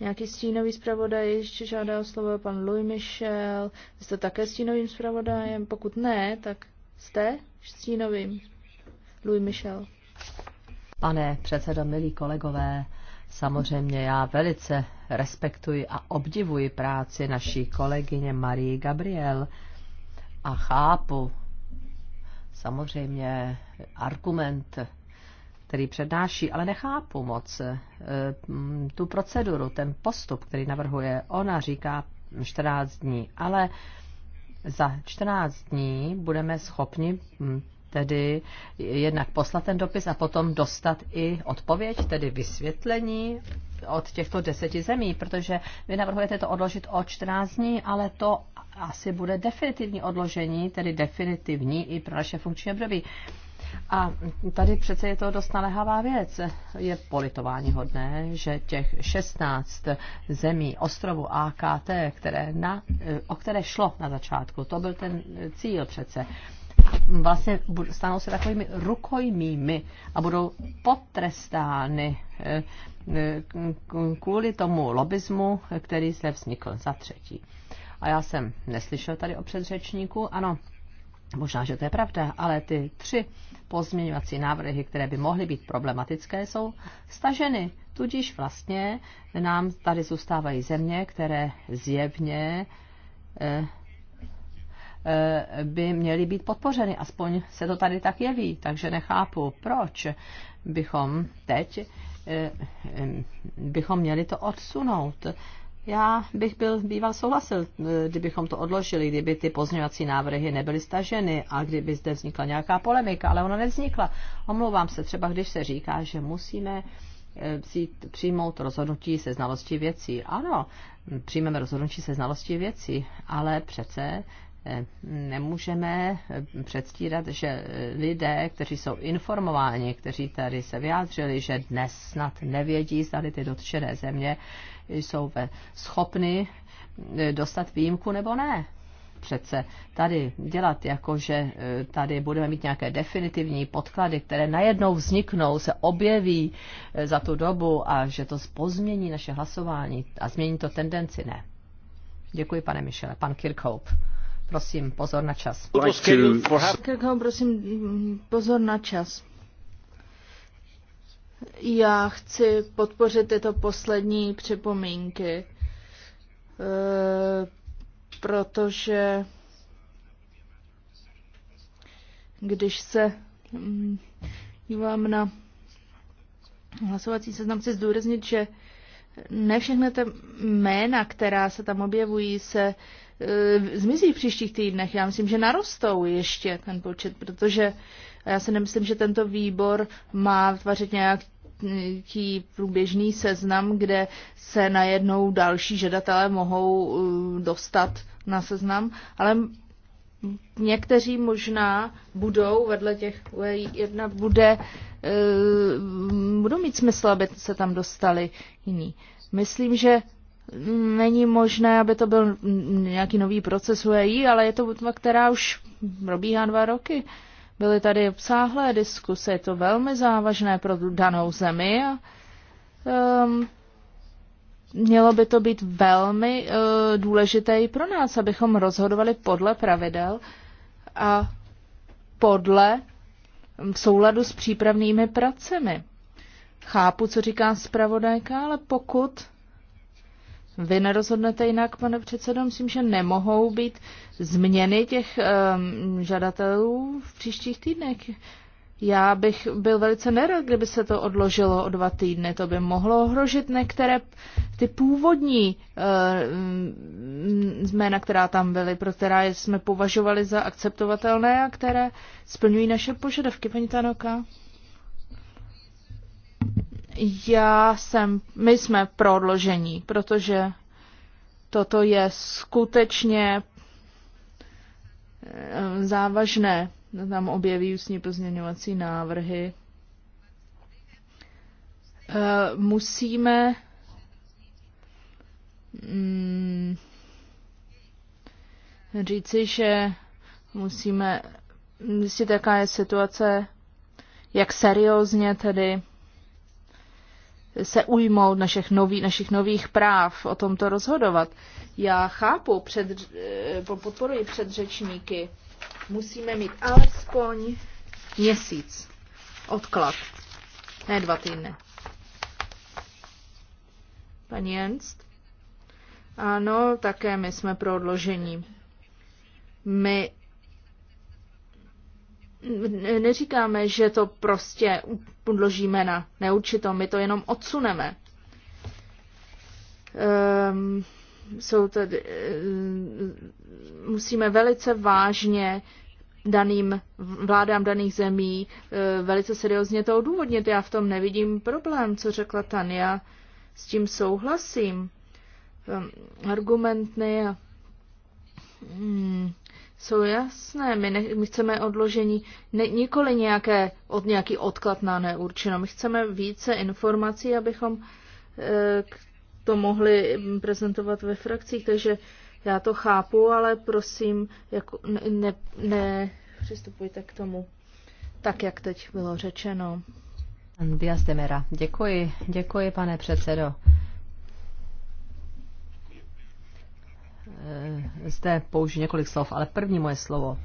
nějaký stínový zpravodaj ještě žádá o slovo, pan Louis Michel. jste také stínovým zpravodajem? Pokud ne, tak jste stínovým. Louis Michel. Pane předsedo, milí kolegové, samozřejmě já velice respektuji a obdivuji práci naší kolegyně Marie Gabriel a chápu samozřejmě argument který přednáší, ale nechápu moc eh, mm, tu proceduru, ten postup, který navrhuje. Ona říká 14 dní, ale za 14 dní budeme schopni mm, tedy jednak poslat ten dopis a potom dostat i odpověď, tedy vysvětlení od těchto deseti zemí, protože vy navrhujete to odložit o 14 dní, ale to asi bude definitivní odložení, tedy definitivní i pro naše funkční období. A tady přece je to dost naléhavá věc. Je politování hodné, že těch 16 zemí ostrovu AKT, které na, o které šlo na začátku, to byl ten cíl přece, vlastně stanou se takovými rukojmími a budou potrestány eh, eh, kvůli tomu lobismu, který zde vznikl za třetí. A já jsem neslyšel tady o předřečníku, ano, Možná, že to je pravda, ale ty tři pozměňovací návrhy, které by mohly být problematické, jsou staženy. Tudíž vlastně nám tady zůstávají země, které zjevně eh, eh, by měly být podpořeny. Aspoň se to tady tak jeví, takže nechápu, proč bychom teď eh, bychom měli to odsunout já bych byl býval souhlasil, e, kdybychom to odložili, kdyby ty pozměňovací návrhy nebyly staženy a kdyby zde vznikla nějaká polemika, ale ona nevznikla. Omlouvám se, třeba když se říká, že musíme e, vzít, přijmout rozhodnutí se znalostí věcí. Ano, přijmeme rozhodnutí se znalostí věcí, ale přece e, nemůžeme předstírat, že lidé, kteří jsou informováni, kteří tady se vyjádřili, že dnes snad nevědí, zda ty dotčené země jsou schopny eh, dostat výjimku nebo ne přece tady dělat, jako že eh, tady budeme mít nějaké definitivní podklady, které najednou vzniknou, se objeví eh, za tu dobu a že to pozmění naše hlasování a změní to tendenci, ne. Děkuji, pane Michele. Pan Kirkhope. Prosím, pozor na čas. Kirkhope, prosím, mm, pozor na čas. Já chci podpořit tyto poslední připomínky, e, protože když se mm, dívám na hlasovací seznam, chci zdůraznit, že ne všechny ty jména, která se tam objevují, se e, zmizí v příštích týdnech. Já myslím, že narostou ještě ten počet, protože a já si nemyslím, že tento výbor má tvořit nějak nějaký průběžný seznam, kde se najednou další žadatelé mohou eh, dostat na seznam, ale někteří možná budou vedle těch jedna bude, eh, budou mít smysl, aby se tam dostali jiní. Myslím, že není možné, aby to byl nějaký nový proces UEI, ale je to budva, která už probíhá dva roky. Uh, Byly tady obsáhlé diskuse, je to velmi závažné pro danou zemi a um, mělo by to být velmi uh, důležité i pro nás, abychom rozhodovali podle pravidel a podle v souladu s přípravnými pracemi. Chápu, co říká zpravodajka, ale pokud vy nerozhodnete jinak, pane předsedo, myslím, že nemohou být změny těch um, žadatelů v příštích týdnech. Já bych byl velice nerad, kdyby se to odložilo o dva týdny. To by mohlo ohrožit některé ty původní uh, jména, která tam byly, pro která jsme považovali za akceptovatelné a které splňují naše požadavky, paní Tanoka. Já jsem, my jsme pro odložení, protože toto je skutečně eh, závažné. Tam objeví ústní pozměňovací návrhy. Eh, musíme mm, říci, že musíme zjistit, jaká je situace, jak seriózně tedy se ujmout našich, nový, našich nových práv, o tomto rozhodovat. Já chápu, před, eh, podporuji předřečníky, musíme mít alespoň měsíc odklad, ne dva týdny. Paní Jenst? Ano, také my jsme pro odložení. My neříkáme, že to prostě podložíme na neurčito, my to jenom odsuneme. Um, jsou tady, um, musíme velice vážně daným vládám daných zemí e, velice seriózně to odůvodnit. Já v tom nevidím problém, co řekla Tania. S tím souhlasím. Um, ehm, argument ne. Hmm jsou jasné. My, ne, my chceme odložení ne, nikoli nějaké, od, nějaký odklad na neurčeno. My chceme více informací, abychom eh, to mohli mm, prezentovat ve frakcích, takže já to chápu, ale prosím, jako, ne, ne, ne přistupujte k tomu tak, jak teď bylo řečeno. Dias Demera. Děkuji, děkuji, pane předsedo. Eh, zde použiju několik slov, ale první moje slovo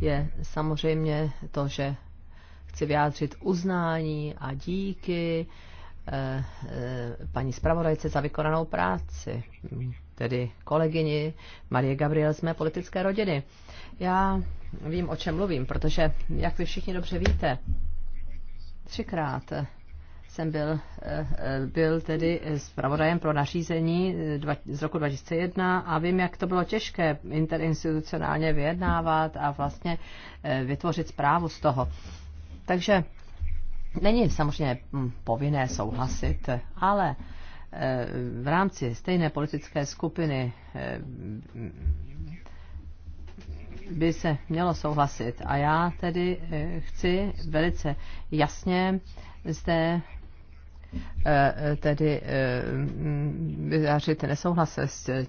je samozřejmě to, že chci vyjádřit uznání a díky eh, eh, paní zpravodajce za vykonanou práci, tedy kolegyni Marie Gabriel z mé politické rodiny. Já vím, o čem mluvím, protože, jak vy všichni dobře víte, třikrát jsem byl, eh, byl tedy zpravodajem pro nařízení z roku 2001 a vím, jak to bylo těžké interinstitucionálně vyjednávat a vlastně eh, vytvořit zprávu z toho. Takže není samozřejmě hm, povinné souhlasit, ale eh, v rámci stejné politické skupiny by se mělo souhlasit. A já tedy chci velice jasně zde Eh, tedy eh, vyjářit nesouhlas s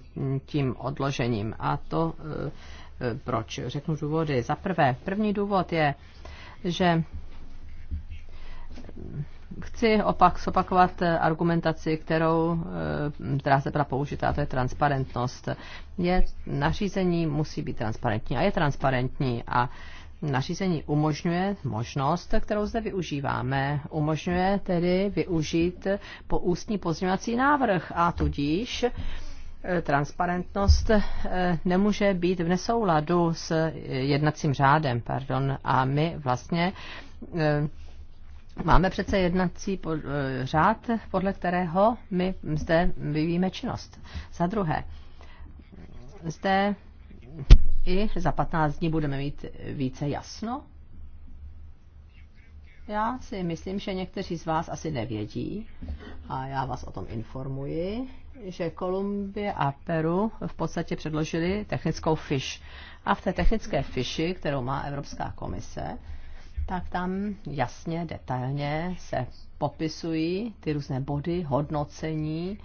tím odložením. A to eh, proč? Řeknu důvody. Za prvé, první důvod je, že chci opak zopakovat argumentaci, kterou, která se byla použitá, to je transparentnost. Je, nařízení musí být transparentní a je transparentní a nařízení umožňuje možnost, kterou zde využíváme. Umožňuje tedy využít po ústní pozměňovací návrh a tudíž eh, transparentnost eh, nemůže být v nesouladu s eh, jednacím řádem. Pardon. A my vlastně máme přece jednací řád, podle kterého my zde vyvíjíme činnost. Za druhé, zde i za 15 dní budeme mít více jasno? Já si myslím, že někteří z vás asi nevědí, a já vás o tom informuji, že Kolumbie a Peru v podstatě předložili technickou fiš. A v té technické fiši, kterou má Evropská komise, tak tam jasně, detailně se popisují ty různé body, hodnocení,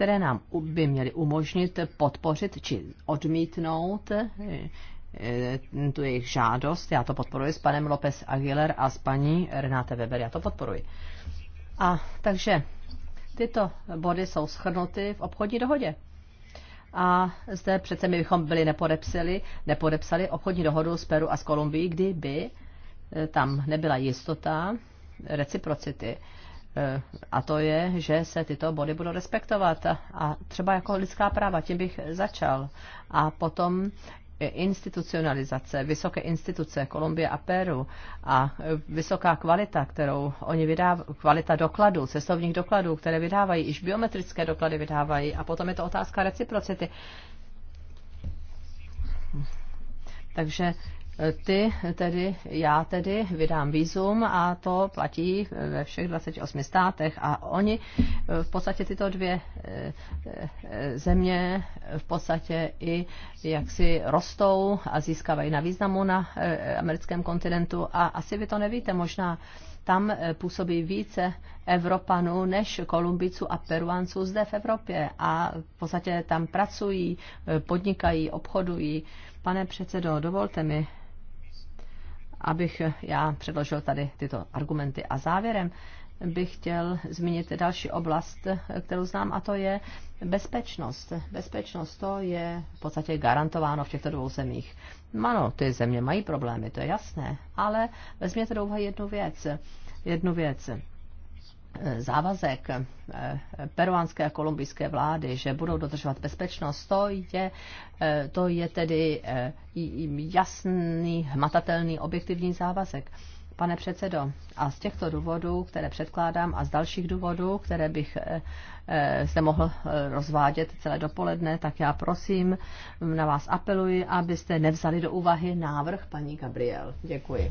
které nám by měly umožnit podpořit či odmítnout eh, eh, tu jejich žádost. Já to podporuji s panem López Aguilar a s paní Renáte Weber. Já to podporuji. A takže tyto body jsou schrnuty v obchodní dohodě. A zde přece my bychom byli nepodepsali, nepodepsali obchodní dohodu s Peru a s Kolumbií, kdyby eh, tam nebyla jistota reciprocity. Eh, a to je, že se tyto body budou respektovat. A třeba jako lidská práva, tím bych začal. A potom institucionalizace, vysoké instituce Kolumbie a Peru a vysoká kvalita, kterou oni vydávají, kvalita dokladů, cestovních dokladů, které vydávají, iž biometrické doklady vydávají a potom je to otázka reciprocity. Takže ty tedy, já tedy vydám výzum a to platí ve všech 28 státech a oni eh, v podstatě tyto dvě eh, eh, země v podstatě i jaksi rostou a získávají na významu na americkém kontinentu a asi vy to nevíte, možná tam působí více Evropanů než Kolumbiců a Peruanců zde v Evropě a v podstatě tam pracují, podnikají, obchodují. Pane předsedo, dovolte mi abych eh, já předložil tady tyto argumenty. A závěrem bych chtěl zmínit další oblast, eh, kterou znám, a to je bezpečnost. Bezpečnost to je v podstatě garantováno v těchto dvou zemích. Ano, ty země mají problémy, to je jasné, ale vezměte do jednu věc. Jednu věc závazek eh, peruánské a kolumbijské vlády, že budou dodržovat bezpečnost, to je, eh, to je tedy eh, jasný, hmatatelný, objektivní závazek. Pane předsedo, a z těchto důvodů, které předkládám, a z dalších důvodů, které bych se mohl rozvádět celé dopoledne, tak já prosím, na vás apeluji, abyste nevzali do úvahy návrh paní Gabriel. Děkuji.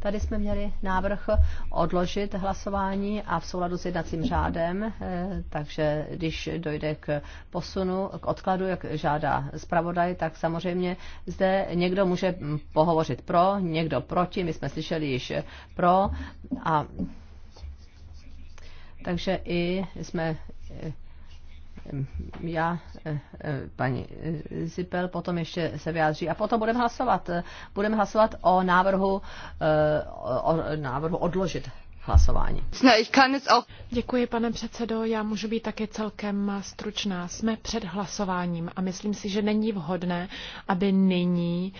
Tady jsme měli návrh odložit hlasování a v souladu s jednacím řádem, eh, takže když dojde k posunu, k odkladu, jak žádá zpravodaj, tak samozřejmě zde někdo může pohovořit pro, někdo proti, my jsme slyšeli již pro a takže i jsme eh, já, eh, eh, paní eh, Zipel, potom ještě se vyjádří. A potom budeme hlasovat. Budeme hlasovat o návrhu, o návrhu odložit hlasování. Děkuji, pane předsedo. Já můžu být také celkem stručná. Jsme před hlasováním a myslím si, že není vhodné, aby nyní,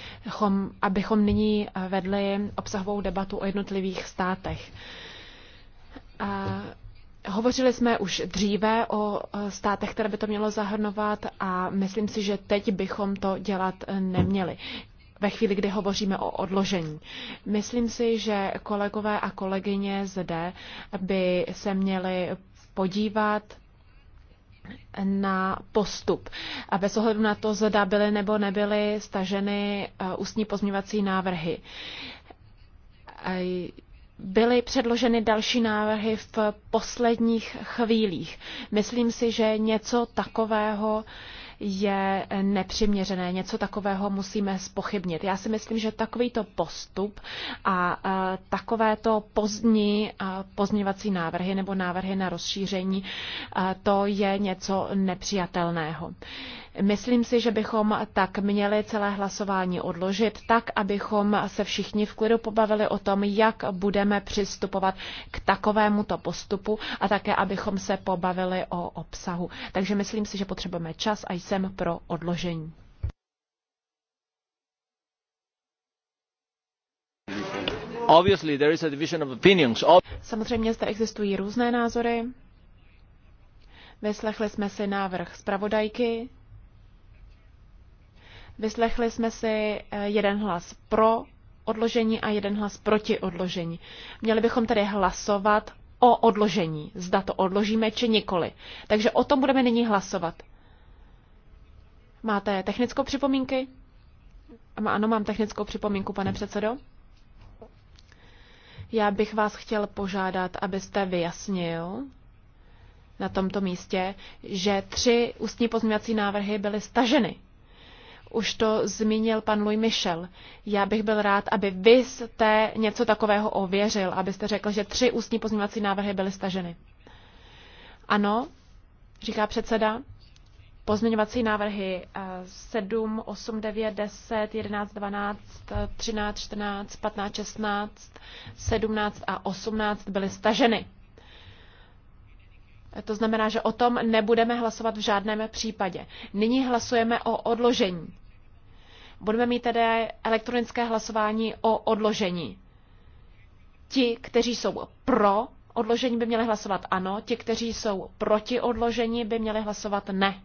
abychom nyní vedli obsahovou debatu o jednotlivých státech. A Hovořili jsme už dříve o e, státech, které by to mělo zahrnovat a myslím si, že teď bychom to dělat e, neměli ve chvíli, kdy hovoříme o odložení. Myslím si, že kolegové a kolegyně zde by se měli podívat na postup. A bez ohledu na to, zda byly nebo nebyly staženy e, ústní pozměvací návrhy byly předloženy další návrhy v posledních chvílích. Myslím si, že něco takového je nepřiměřené, něco takového musíme spochybnit. Já si myslím, že takovýto postup a, e, takovéto pozdní a, e, pozměňovací návrhy nebo návrhy na rozšíření, e, to je něco nepřijatelného. Myslím si, že bychom tak měli celé hlasování odložit, tak abychom se všichni v klidu pobavili o tom, jak budeme přistupovat k takovémuto postupu a také abychom se pobavili o obsahu. Takže myslím si, že potřebujeme čas a jsem pro odložení. Obviously, there is a division of opinions. Samozřejmě zde existují různé názory. Vyslechli jsme si návrh zpravodajky. Vyslechli jsme si eh, jeden hlas pro odložení a jeden hlas proti odložení. Měli bychom tedy hlasovat o odložení, zda to odložíme či nikoli. Takže o tom budeme nyní hlasovat. Máte technickou připomínky? Ano, mám technickou připomínku, pane předsedo. Já bych vás chtěl požádat, abyste vyjasnil na tomto místě, že tři ústní pozměňovací návrhy byly staženy už to zmínil pan Louis Michel. Já bych byl rád, aby vy jste něco takového ověřil, abyste řekl, že tři ústní pozměňovací návrhy byly staženy. Ano, říká předseda. Pozměňovací návrhy 7, 8, 9, 10, 11, 12, 13, 14, 15, 16, 17 a 18 byly staženy. To znamená, že o tom nebudeme hlasovat v žádném případě. Nyní hlasujeme o odložení. Budeme mít tedy elektronické hlasování o odložení. Ti, kteří jsou pro odložení, by měli hlasovat ano, ti, kteří jsou proti odložení, by měli hlasovat ne.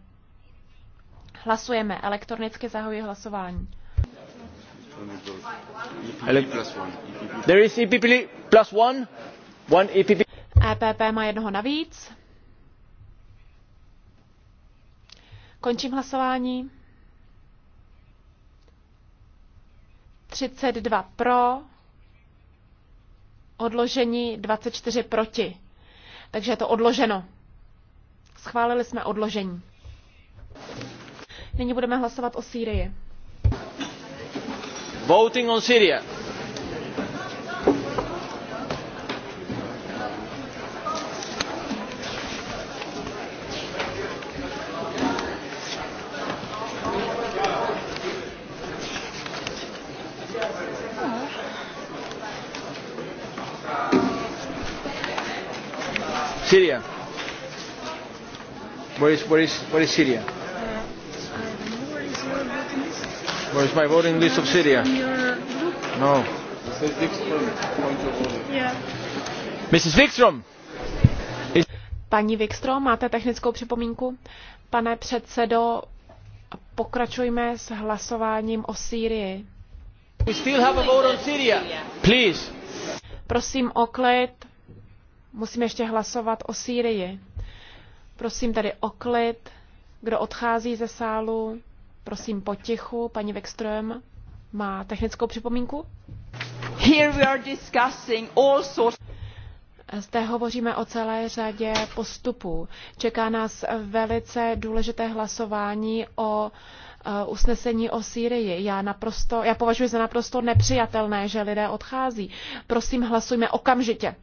Hlasujeme elektronicky, zahajuji hlasování. There is EPP plus one. One EPP. EPP má jednoho navíc. Končím hlasování. 32 pro, odložení 24 proti. Takže je to odloženo. Schválili jsme odložení. Nyní budeme hlasovat o Sýrii. Voting on Syria. Syria. Where is, where is, where is Syria? Where is my voting list of Syria? No. Mrs. Wikström. Paní Wikström, máte technickou připomínku? Pane předsedo, pokračujme s hlasováním o Sýrii. We still have a vote on Syria. Please. Prosím o klid. Musíme ještě hlasovat o Sýrii. Prosím tady o klid. Kdo odchází ze sálu, prosím potichu. Paní Vekström má technickou připomínku. Here we are discussing all sorts... Zde hovoříme o celé řadě postupů. Čeká nás velice důležité hlasování o e, usnesení o Sýrii. Já, naprosto, já považuji za naprosto nepřijatelné, že lidé odchází. Prosím, hlasujme okamžitě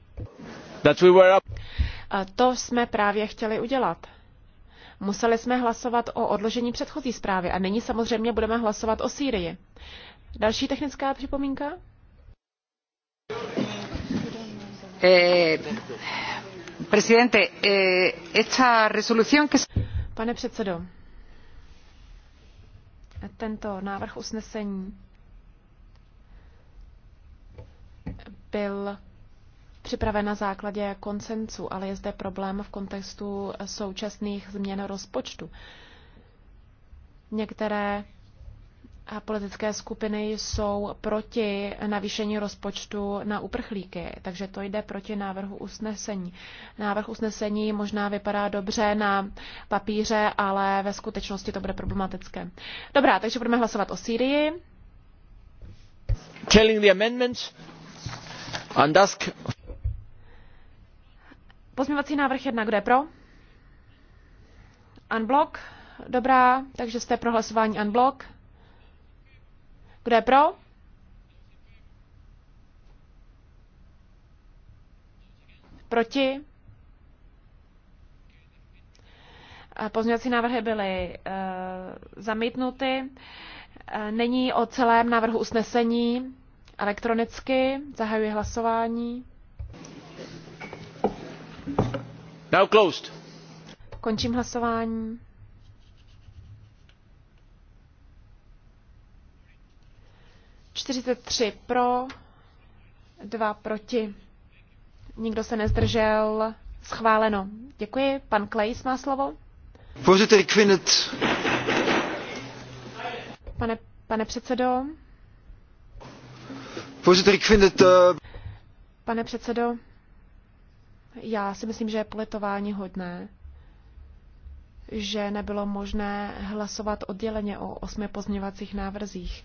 to jsme právě chtěli udělat. Museli jsme hlasovat o odložení předchozí zprávy a nyní samozřejmě budeme hlasovat o Sýrii. Další technická připomínka? Eh, eh, Pane předsedo, tento návrh usnesení byl připraven na základě koncensu, ale je zde problém v kontextu současných změn rozpočtu. Některé politické skupiny jsou proti navýšení rozpočtu na uprchlíky, takže to jde proti návrhu usnesení. Návrh usnesení možná vypadá dobře na papíře, ale ve skutečnosti to bude problematické. Dobrá, takže budeme hlasovat o Sýrii. Telling the amendments and ask Pozměvací návrh 1, kde pro? Unblock. Dobrá, takže jste pro hlasování unblock. Kdo je pro? Proti? Eh, pozměňovací návrhy byly uh, zamítnuty. Eh, není o celém návrhu usnesení elektronicky. Zahajuji hlasování. Končím hlasování. Čtyřicet tři pro, dva proti. Nikdo se nezdržel. Schváleno. Děkuji. Pan Klejs má slovo. Voorzitter, ik vind het... Pane, pane předsedo. Voorzitter, ik vind het... Uh... Pane předsedo, já si myslím, že je politování hodné, že nebylo možné hlasovat odděleně o osmi pozměvacích návrzích.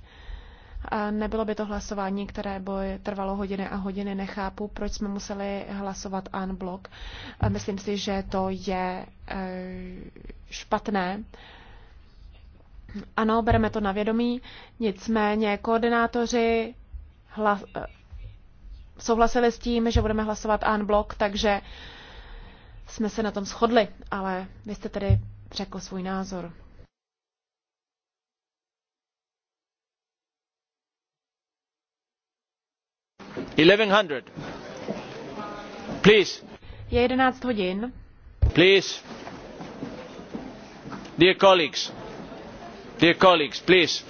A nebylo by to hlasování, které by trvalo hodiny a hodiny. Nechápu, proč jsme museli hlasovat en blok. Myslím si, že to je eh, špatné. Ano, bereme to na vědomí. Nicméně koordinátoři hlas, souhlasili s tím, že budeme hlasovat en blok, takže jsme se na tom shodli, ale vy jste tedy řekl svůj názor. Please. Je 11 hodin. Please. Dear colleagues. Dear colleagues, please.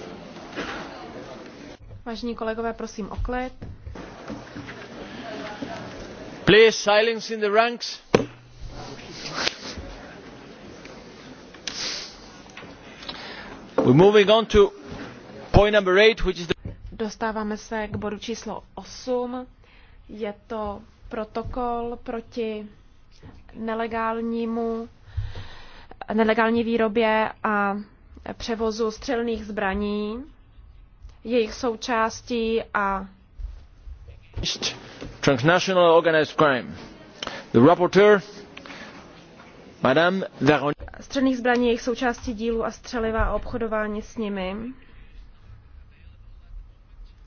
Vážení kolegové, prosím o klid. Please silence in the ranks. We're moving on to point number which is the... Dostáváme se k bodu číslo 8. Je to protokol proti nelegálnímu nelegální výrobě a převozu střelných zbraní, jejich součástí a transnational organised crime. The rapporteur, Madame Veron... Střelných zbraní, jejich součástí dílu a střeliva a obchodování s nimi.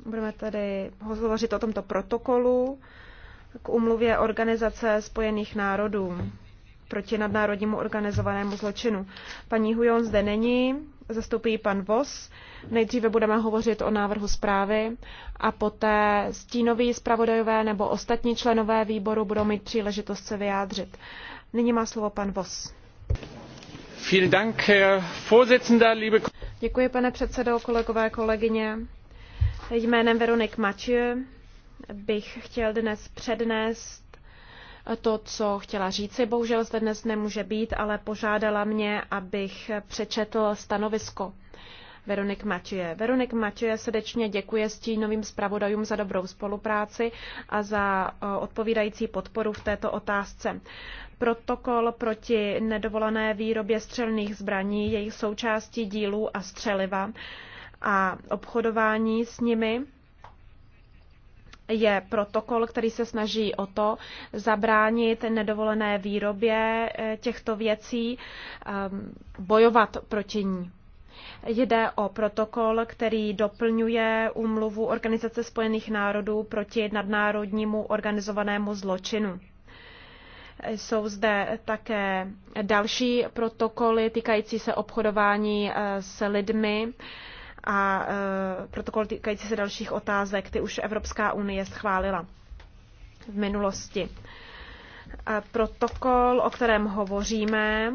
Budeme tady hovořit o tomto protokolu k umluvě Organizace spojených národů proti nadnárodnímu organizovanému zločinu. Paní Hujon zde není, zastoupí pan Vos. Nejdříve budeme hovořit o návrhu zprávy a poté stínoví zpravodajové nebo ostatní členové výboru budou mít příležitost se vyjádřit. Nyní má slovo pan Vos. Děkuji, pane předsedo, kolegové, kolegyně. Jménem Veronik Mathieu bych chtěl dnes přednést to, co chtěla říci. Bohužel zde dnes nemůže být, ale požádala mě, abych přečetl stanovisko. Veronik Matěje. Veronik Matěje srdečně děkuje stínovým zpravodajům za dobrou spolupráci a za odpovídající podporu v této otázce. Protokol proti nedovolené výrobě střelných zbraní, jejich součástí dílů a střeliva a obchodování s nimi je protokol, který se snaží o to zabránit nedovolené výrobě eh, těchto věcí, ehm, bojovat proti ní. Jde o protokol, který doplňuje úmluvu Organizace spojených národů proti nadnárodnímu organizovanému zločinu. Jsou zde také další protokoly týkající se obchodování eh, s lidmi, a e, protokol týkající se dalších otázek, ty už Evropská unie schválila v minulosti. E, protokol, o kterém hovoříme,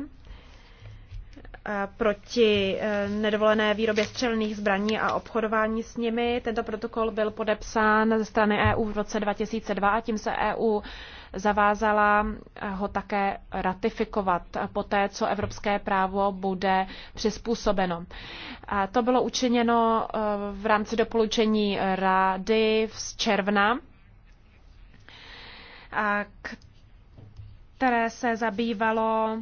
e, proti nedovolené výrobě střelných zbraní a obchodování s nimi. Tento protokol byl podepsán ze strany EU v roce 2002 a tím se EU zavázala ho také ratifikovat po té, co evropské právo bude přizpůsobeno. A to bylo učiněno eh, v rámci doporučení Rady z června, které se zabývalo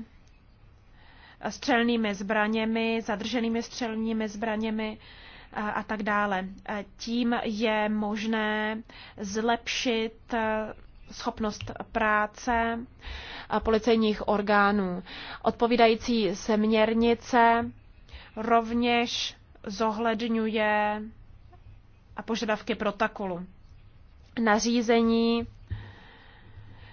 střelnými zbraněmi, zadrženými střelnými zbraněmi a tak dále. Tím je možné zlepšit eh, schopnost práce policejních orgánů. Odpovídající směrnice rovněž zohledňuje a požadavky protokolu. Nařízení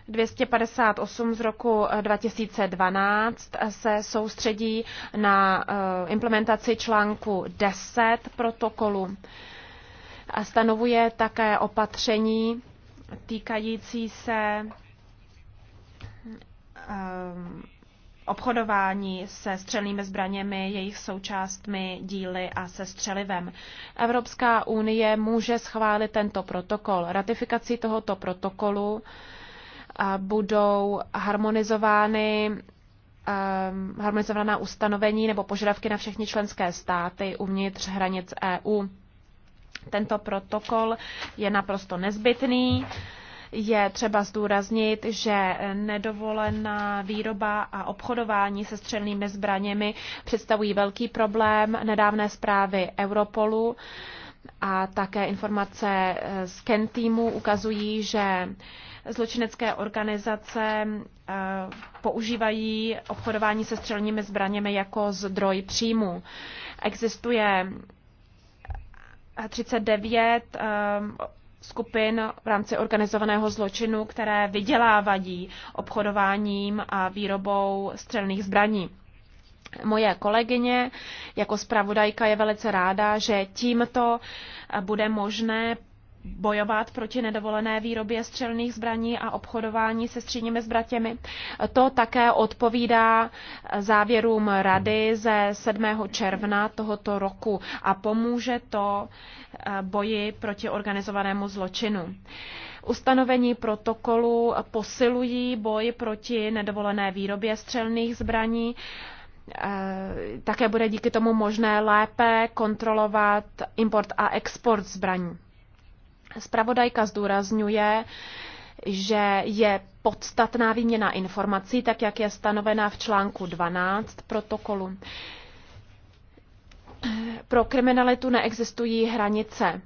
258 z roku 2012 eh, se soustředí na eh, implementaci článku 10 protokolu a stanovuje také opatření týkající se ehm, obchodování se střelnými zbraněmi, jejich součástmi, díly a se střelivem. Evropská unie může schválit tento protokol. Ratifikací tohoto protokolu eh, budou harmonizovány ehm, harmonizovaná ustanovení nebo požadavky na všechny členské státy uvnitř hranic EU. Tento protokol je naprosto nezbytný. Je třeba zdůraznit, že nedovolená výroba a obchodování se střelnými zbraněmi představují velký problém. Nedávné zprávy Europolu a také informace z Kentýmu ukazují, že zločinecké organizace eh, používají obchodování se střelnými zbraněmi jako zdroj příjmu. Existuje 39 eh, skupin v rámci organizovaného zločinu, které vydělávají obchodováním a výrobou střelných zbraní. Moje kolegyně jako zpravodajka je velice ráda, že tímto bude možné bojovat proti nedovolené výrobě střelných zbraní a obchodování se střídními zbratěmi. To také odpovídá závěrům rady ze 7. června tohoto roku a pomůže to eh, boji proti organizovanému zločinu. Ustanovení protokolu posilují boj proti nedovolené výrobě střelných zbraní eh, také bude díky tomu možné lépe kontrolovat import a export zbraní. Spravodajka zdůrazňuje, že je podstatná výměna informací, tak jak je stanovená v článku 12 protokolu. Pro kriminalitu neexistují hranice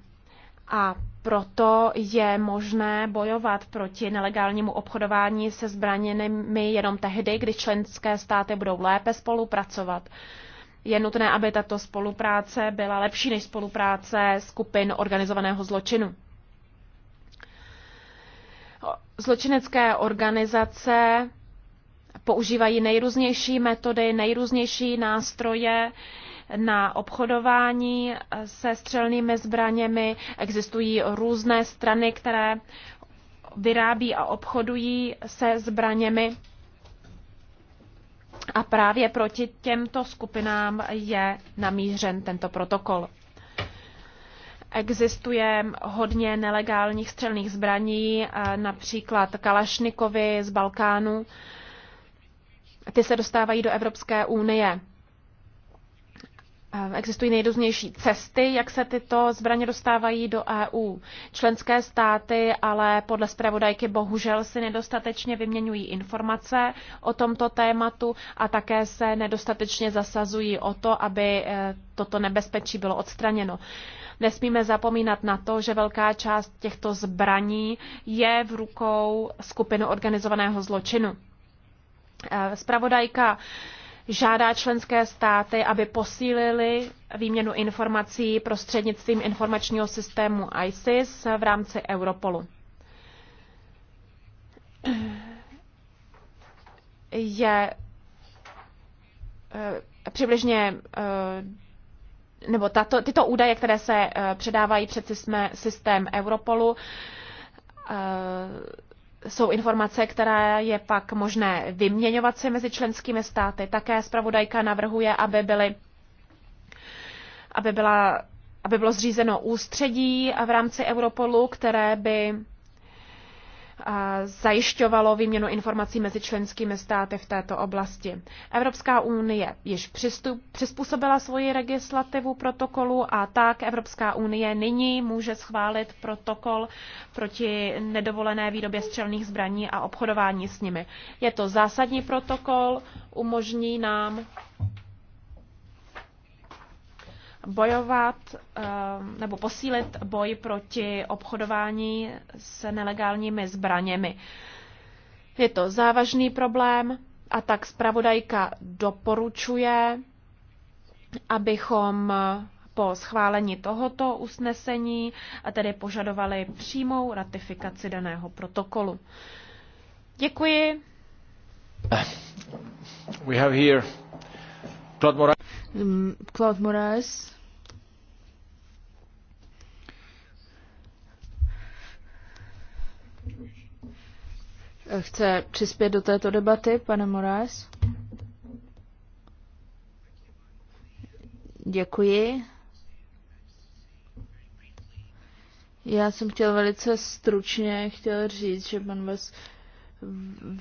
a proto je možné bojovat proti nelegálnímu obchodování se zbraněnými jenom tehdy, když členské státy budou lépe spolupracovat. Je nutné, aby tato spolupráce byla lepší než spolupráce skupin organizovaného zločinu. Zločinecké organizace používají nejrůznější metody, nejrůznější nástroje na obchodování se střelnými zbraněmi. Existují různé strany, které vyrábí a obchodují se zbraněmi. A právě proti těmto skupinám je namířen tento protokol. Existuje hodně nelegálních střelných zbraní, eh, například Kalašnikovy z Balkánu. Ty se dostávají do Evropské unie. Eh, existují nejrůznější cesty, jak se tyto zbraně dostávají do EU. Členské státy ale podle zpravodajky bohužel si nedostatečně vyměňují informace o tomto tématu a také se nedostatečně zasazují o to, aby eh, toto nebezpečí bylo odstraněno. Nesmíme zapomínat na to, že velká část těchto zbraní je v rukou skupiny organizovaného zločinu. Spravodajka eh, žádá členské státy, aby posílili výměnu informací prostřednictvím informačního systému ISIS v rámci Europolu. Je eh, přibližně eh, nebo tato, tyto údaje, které se eh, předávají jsme systém Europolu, jsou informace, které je pak možné vyměňovat se mezi členskými státy. Také zpravodajka navrhuje, aby, byly, aby, byla, aby bylo zřízeno ústředí v rámci Europolu, které by zajišťovalo výměnu informací mezi členskými státy v této oblasti. Evropská unie již přistup, přizpůsobila svoji legislativu protokolu a tak Evropská unie nyní může schválit protokol proti nedovolené výrobě střelných zbraní a obchodování s nimi. Je to zásadní protokol, umožní nám bojovat ehm, nebo posílit boj proti obchodování s nelegálními zbraněmi. Je to závažný problém a tak zpravodajka doporučuje, abychom po schválení tohoto usnesení a tedy požadovali přímou ratifikaci daného protokolu. Děkuji. We have here Claude Moraes. Mm, Claude Moraes. Chce přispět do této debaty, pane Moraes? Děkuji. Já jsem chtěl velice stručně chtěl říct, že pan Ves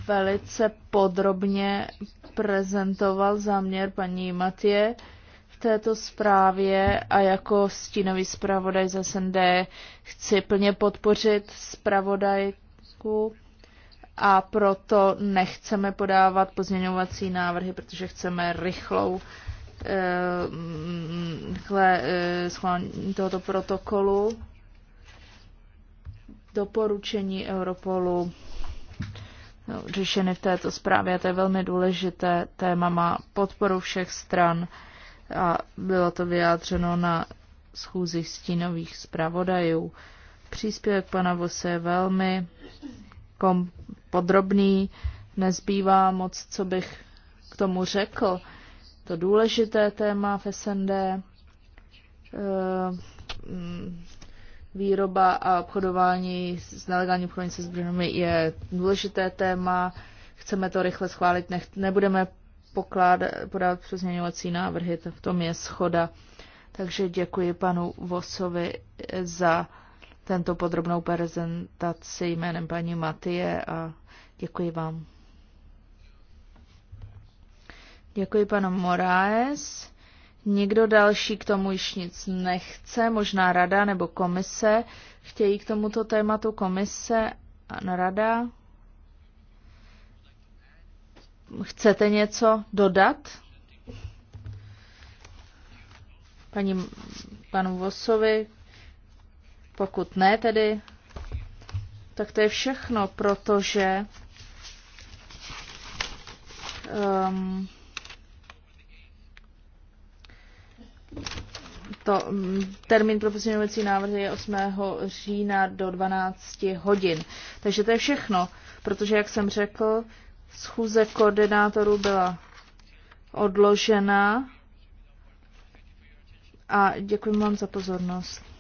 velice podrobně prezentoval záměr paní Matě v této zprávě a jako stínový zpravodaj z SND chci plně podpořit zpravodajku a proto nechceme podávat pozměňovací návrhy, protože chceme rychlou eh, rychlé eh, schválení tohoto protokolu doporučení Europolu řešeny v této zprávě. A to je velmi důležité téma, má podporu všech stran a bylo to vyjádřeno na schůzích stínových zpravodajů. Příspěvek pana Vose je velmi kom- podrobný, nezbývá moc, co bych k tomu řekl. To důležité téma v SND, eh, Výroba a obchodování s nelegálním obchodování se zbraněmi je důležité téma. Chceme to rychle schválit, nech, nebudeme pokládat, podávat přezměňovací návrhy, to v tom je schoda. Takže děkuji panu Vosovi za tento podrobnou prezentaci jménem paní Matie a děkuji vám. Děkuji panu Moraes. Nikdo další k tomu již nic nechce, možná rada nebo komise. Chtějí k tomuto tématu komise a rada? Chcete něco dodat? Paní, panu Vosovi? Pokud ne tedy, tak to je všechno, protože um, to, mm, termín pro pozměňovací návrhy je 8. října do 12 hodin. Takže to je všechno, protože, jak jsem řekl, schůze koordinátorů byla odložena a děkuji vám za pozornost.